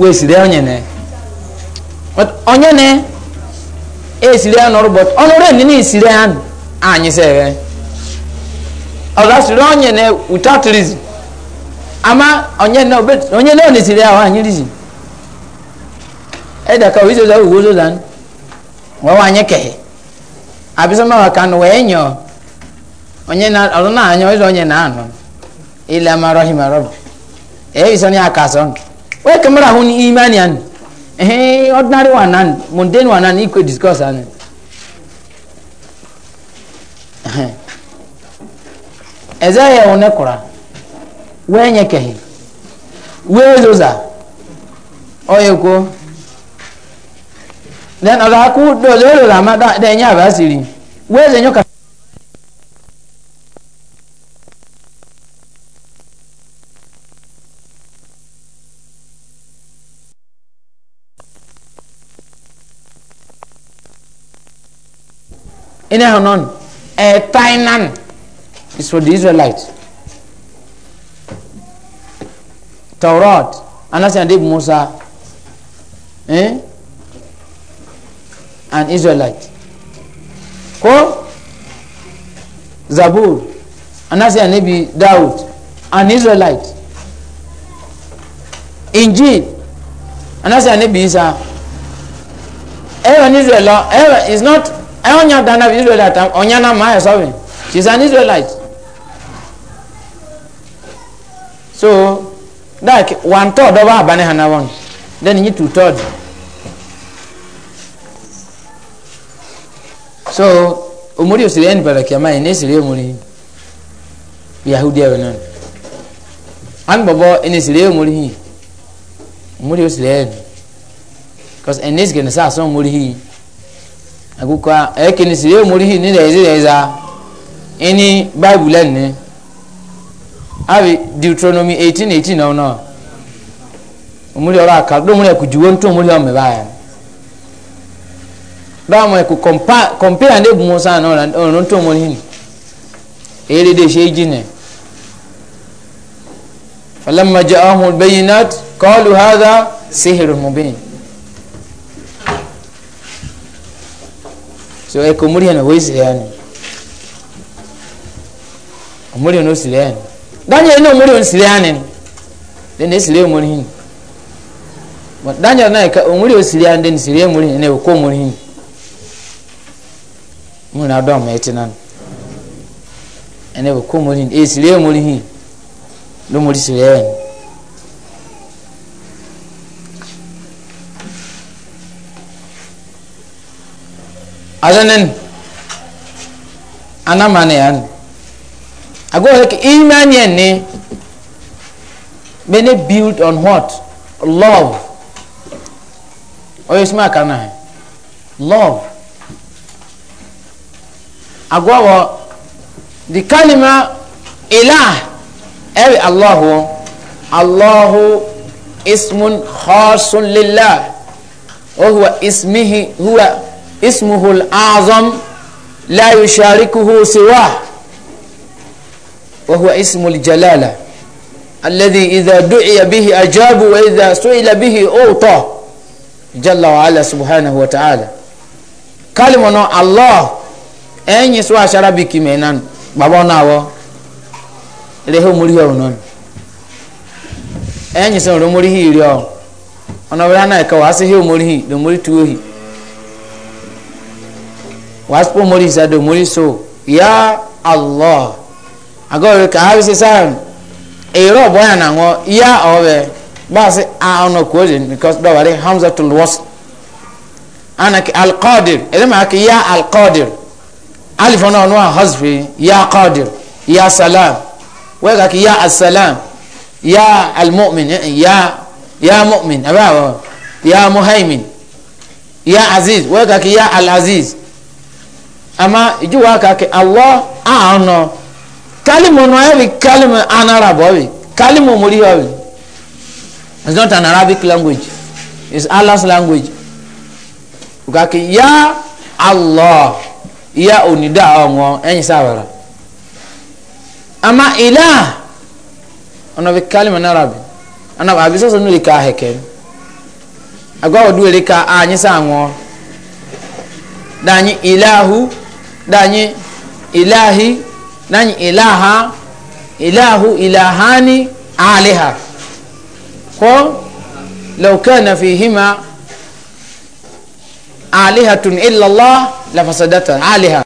wesiri onye ne but onye ne esiri ya n'ọrụ but ọnụrụ enyi na esiri ya anyị sere ọzọ siri onye ne without reason ama onye ne obe onye ne onesiri ya anyị reason ɛda e ka oyi sosa owo sosa wɔn wa anyị kɛhɛ abisama wa kan wɛ nyɔ onye na ɔlɔ na anyɔ ɔlɔ onye na anɔ ilama rahima e rɔba ɛyɛ isɔni akasɔnke. wey kamara hun imani an eh ordinary one an mundane one an equal discuss an ɛzɛ yɛ wɔn ɛkora wɛnyɛ kɛhɛ wɛzoza ɔyɛ ko then ɔdɔ aku dɔzɔ yɛ lɔra ama dɛ nyɛ abasiri wɛzɛ nyɔ kasa. Ina Hanon, a e Tainan is for the Israelites. Taurat, Anas and Dib Musa, eh? an Israelite. Ko Zabur, Anas and David, Daud, an Israelite. Injil, Anas and Nabi Isa, everyone Israel, everyone is not I only done of Israelite. Only na my sorry. She's an Israelite. So like one third of our banana hana one. Then you need two third. So umuri usilieni pale kiama ine siliyo muri Yahudi awe nani. An babo ine siliyo muri hii. Umuri usilieni. Because ene sigene saa so muri hii akuka ekini si ye muri ni lezi leza ini bible ni abi deuteronomy 18 18 no no omuli ora aka do muri akujuwo nto omuli ome baya ba mo ku compare compare ne bu musa no no nto omuli ni ele de sheji ne falamma ja'ahum albayinat qalu hadha sihrun mubin so eko eh, muri yana wo isire yani omuri ono isire yani daniel no omuri ono isire yani then isire omuri hin but daniel na ka omuri osire yani then isire omuri hin ne ko omuri hin mu na do ma eti nan ene ko omuri hin eh, isire omuri hin no omuri isire yani azanin anamane yan ago hek iman yen ne bene build on what love oyo sma kana love ago wo the kalima ilah ewi Allahu allah ismun khasun lillah وهو ismihi huwa. اسمه الأعظم لا يشاركه سواه وهو اسم الجلالة الذي إذا دعي به أجاب وإذا سئل به أوطى جل وعلا سبحانه وتعالى كلمة الله أن يسوى شربك منان بابونا و lehe muri yau non enyi sun rumuri hi riyo ona wala na ka wasi hi muri hi rumuri tuhi waspo mori sado mori so ya allah agore ka ha se san ero boya na ngo ya obe ba se a ono ko le because do bare hamzatul wasl ana ki al qadir ele ma ki ya al qadir alif ono no hasfi ya qadir ya salam wa ka ki ya assalam ya al ya ya mu'min aba ya muhaimin ya aziz wa ka ya al ama ijuwa ke allah ano kalimo no every kalimu an arab obi kalimo muri obi it's not an arabic language it's allah's language ke ya allah ya onida onwo enyi sabara ama ila ono bi kalimo na arabi ana abi so so nuli ka heke agwa odu anyi sa anwo danyi ilahu danyi ilahi nanyi ilaha ilahu ilahani aliha ko law kana fihima alihatun illa allah lafasadata aliha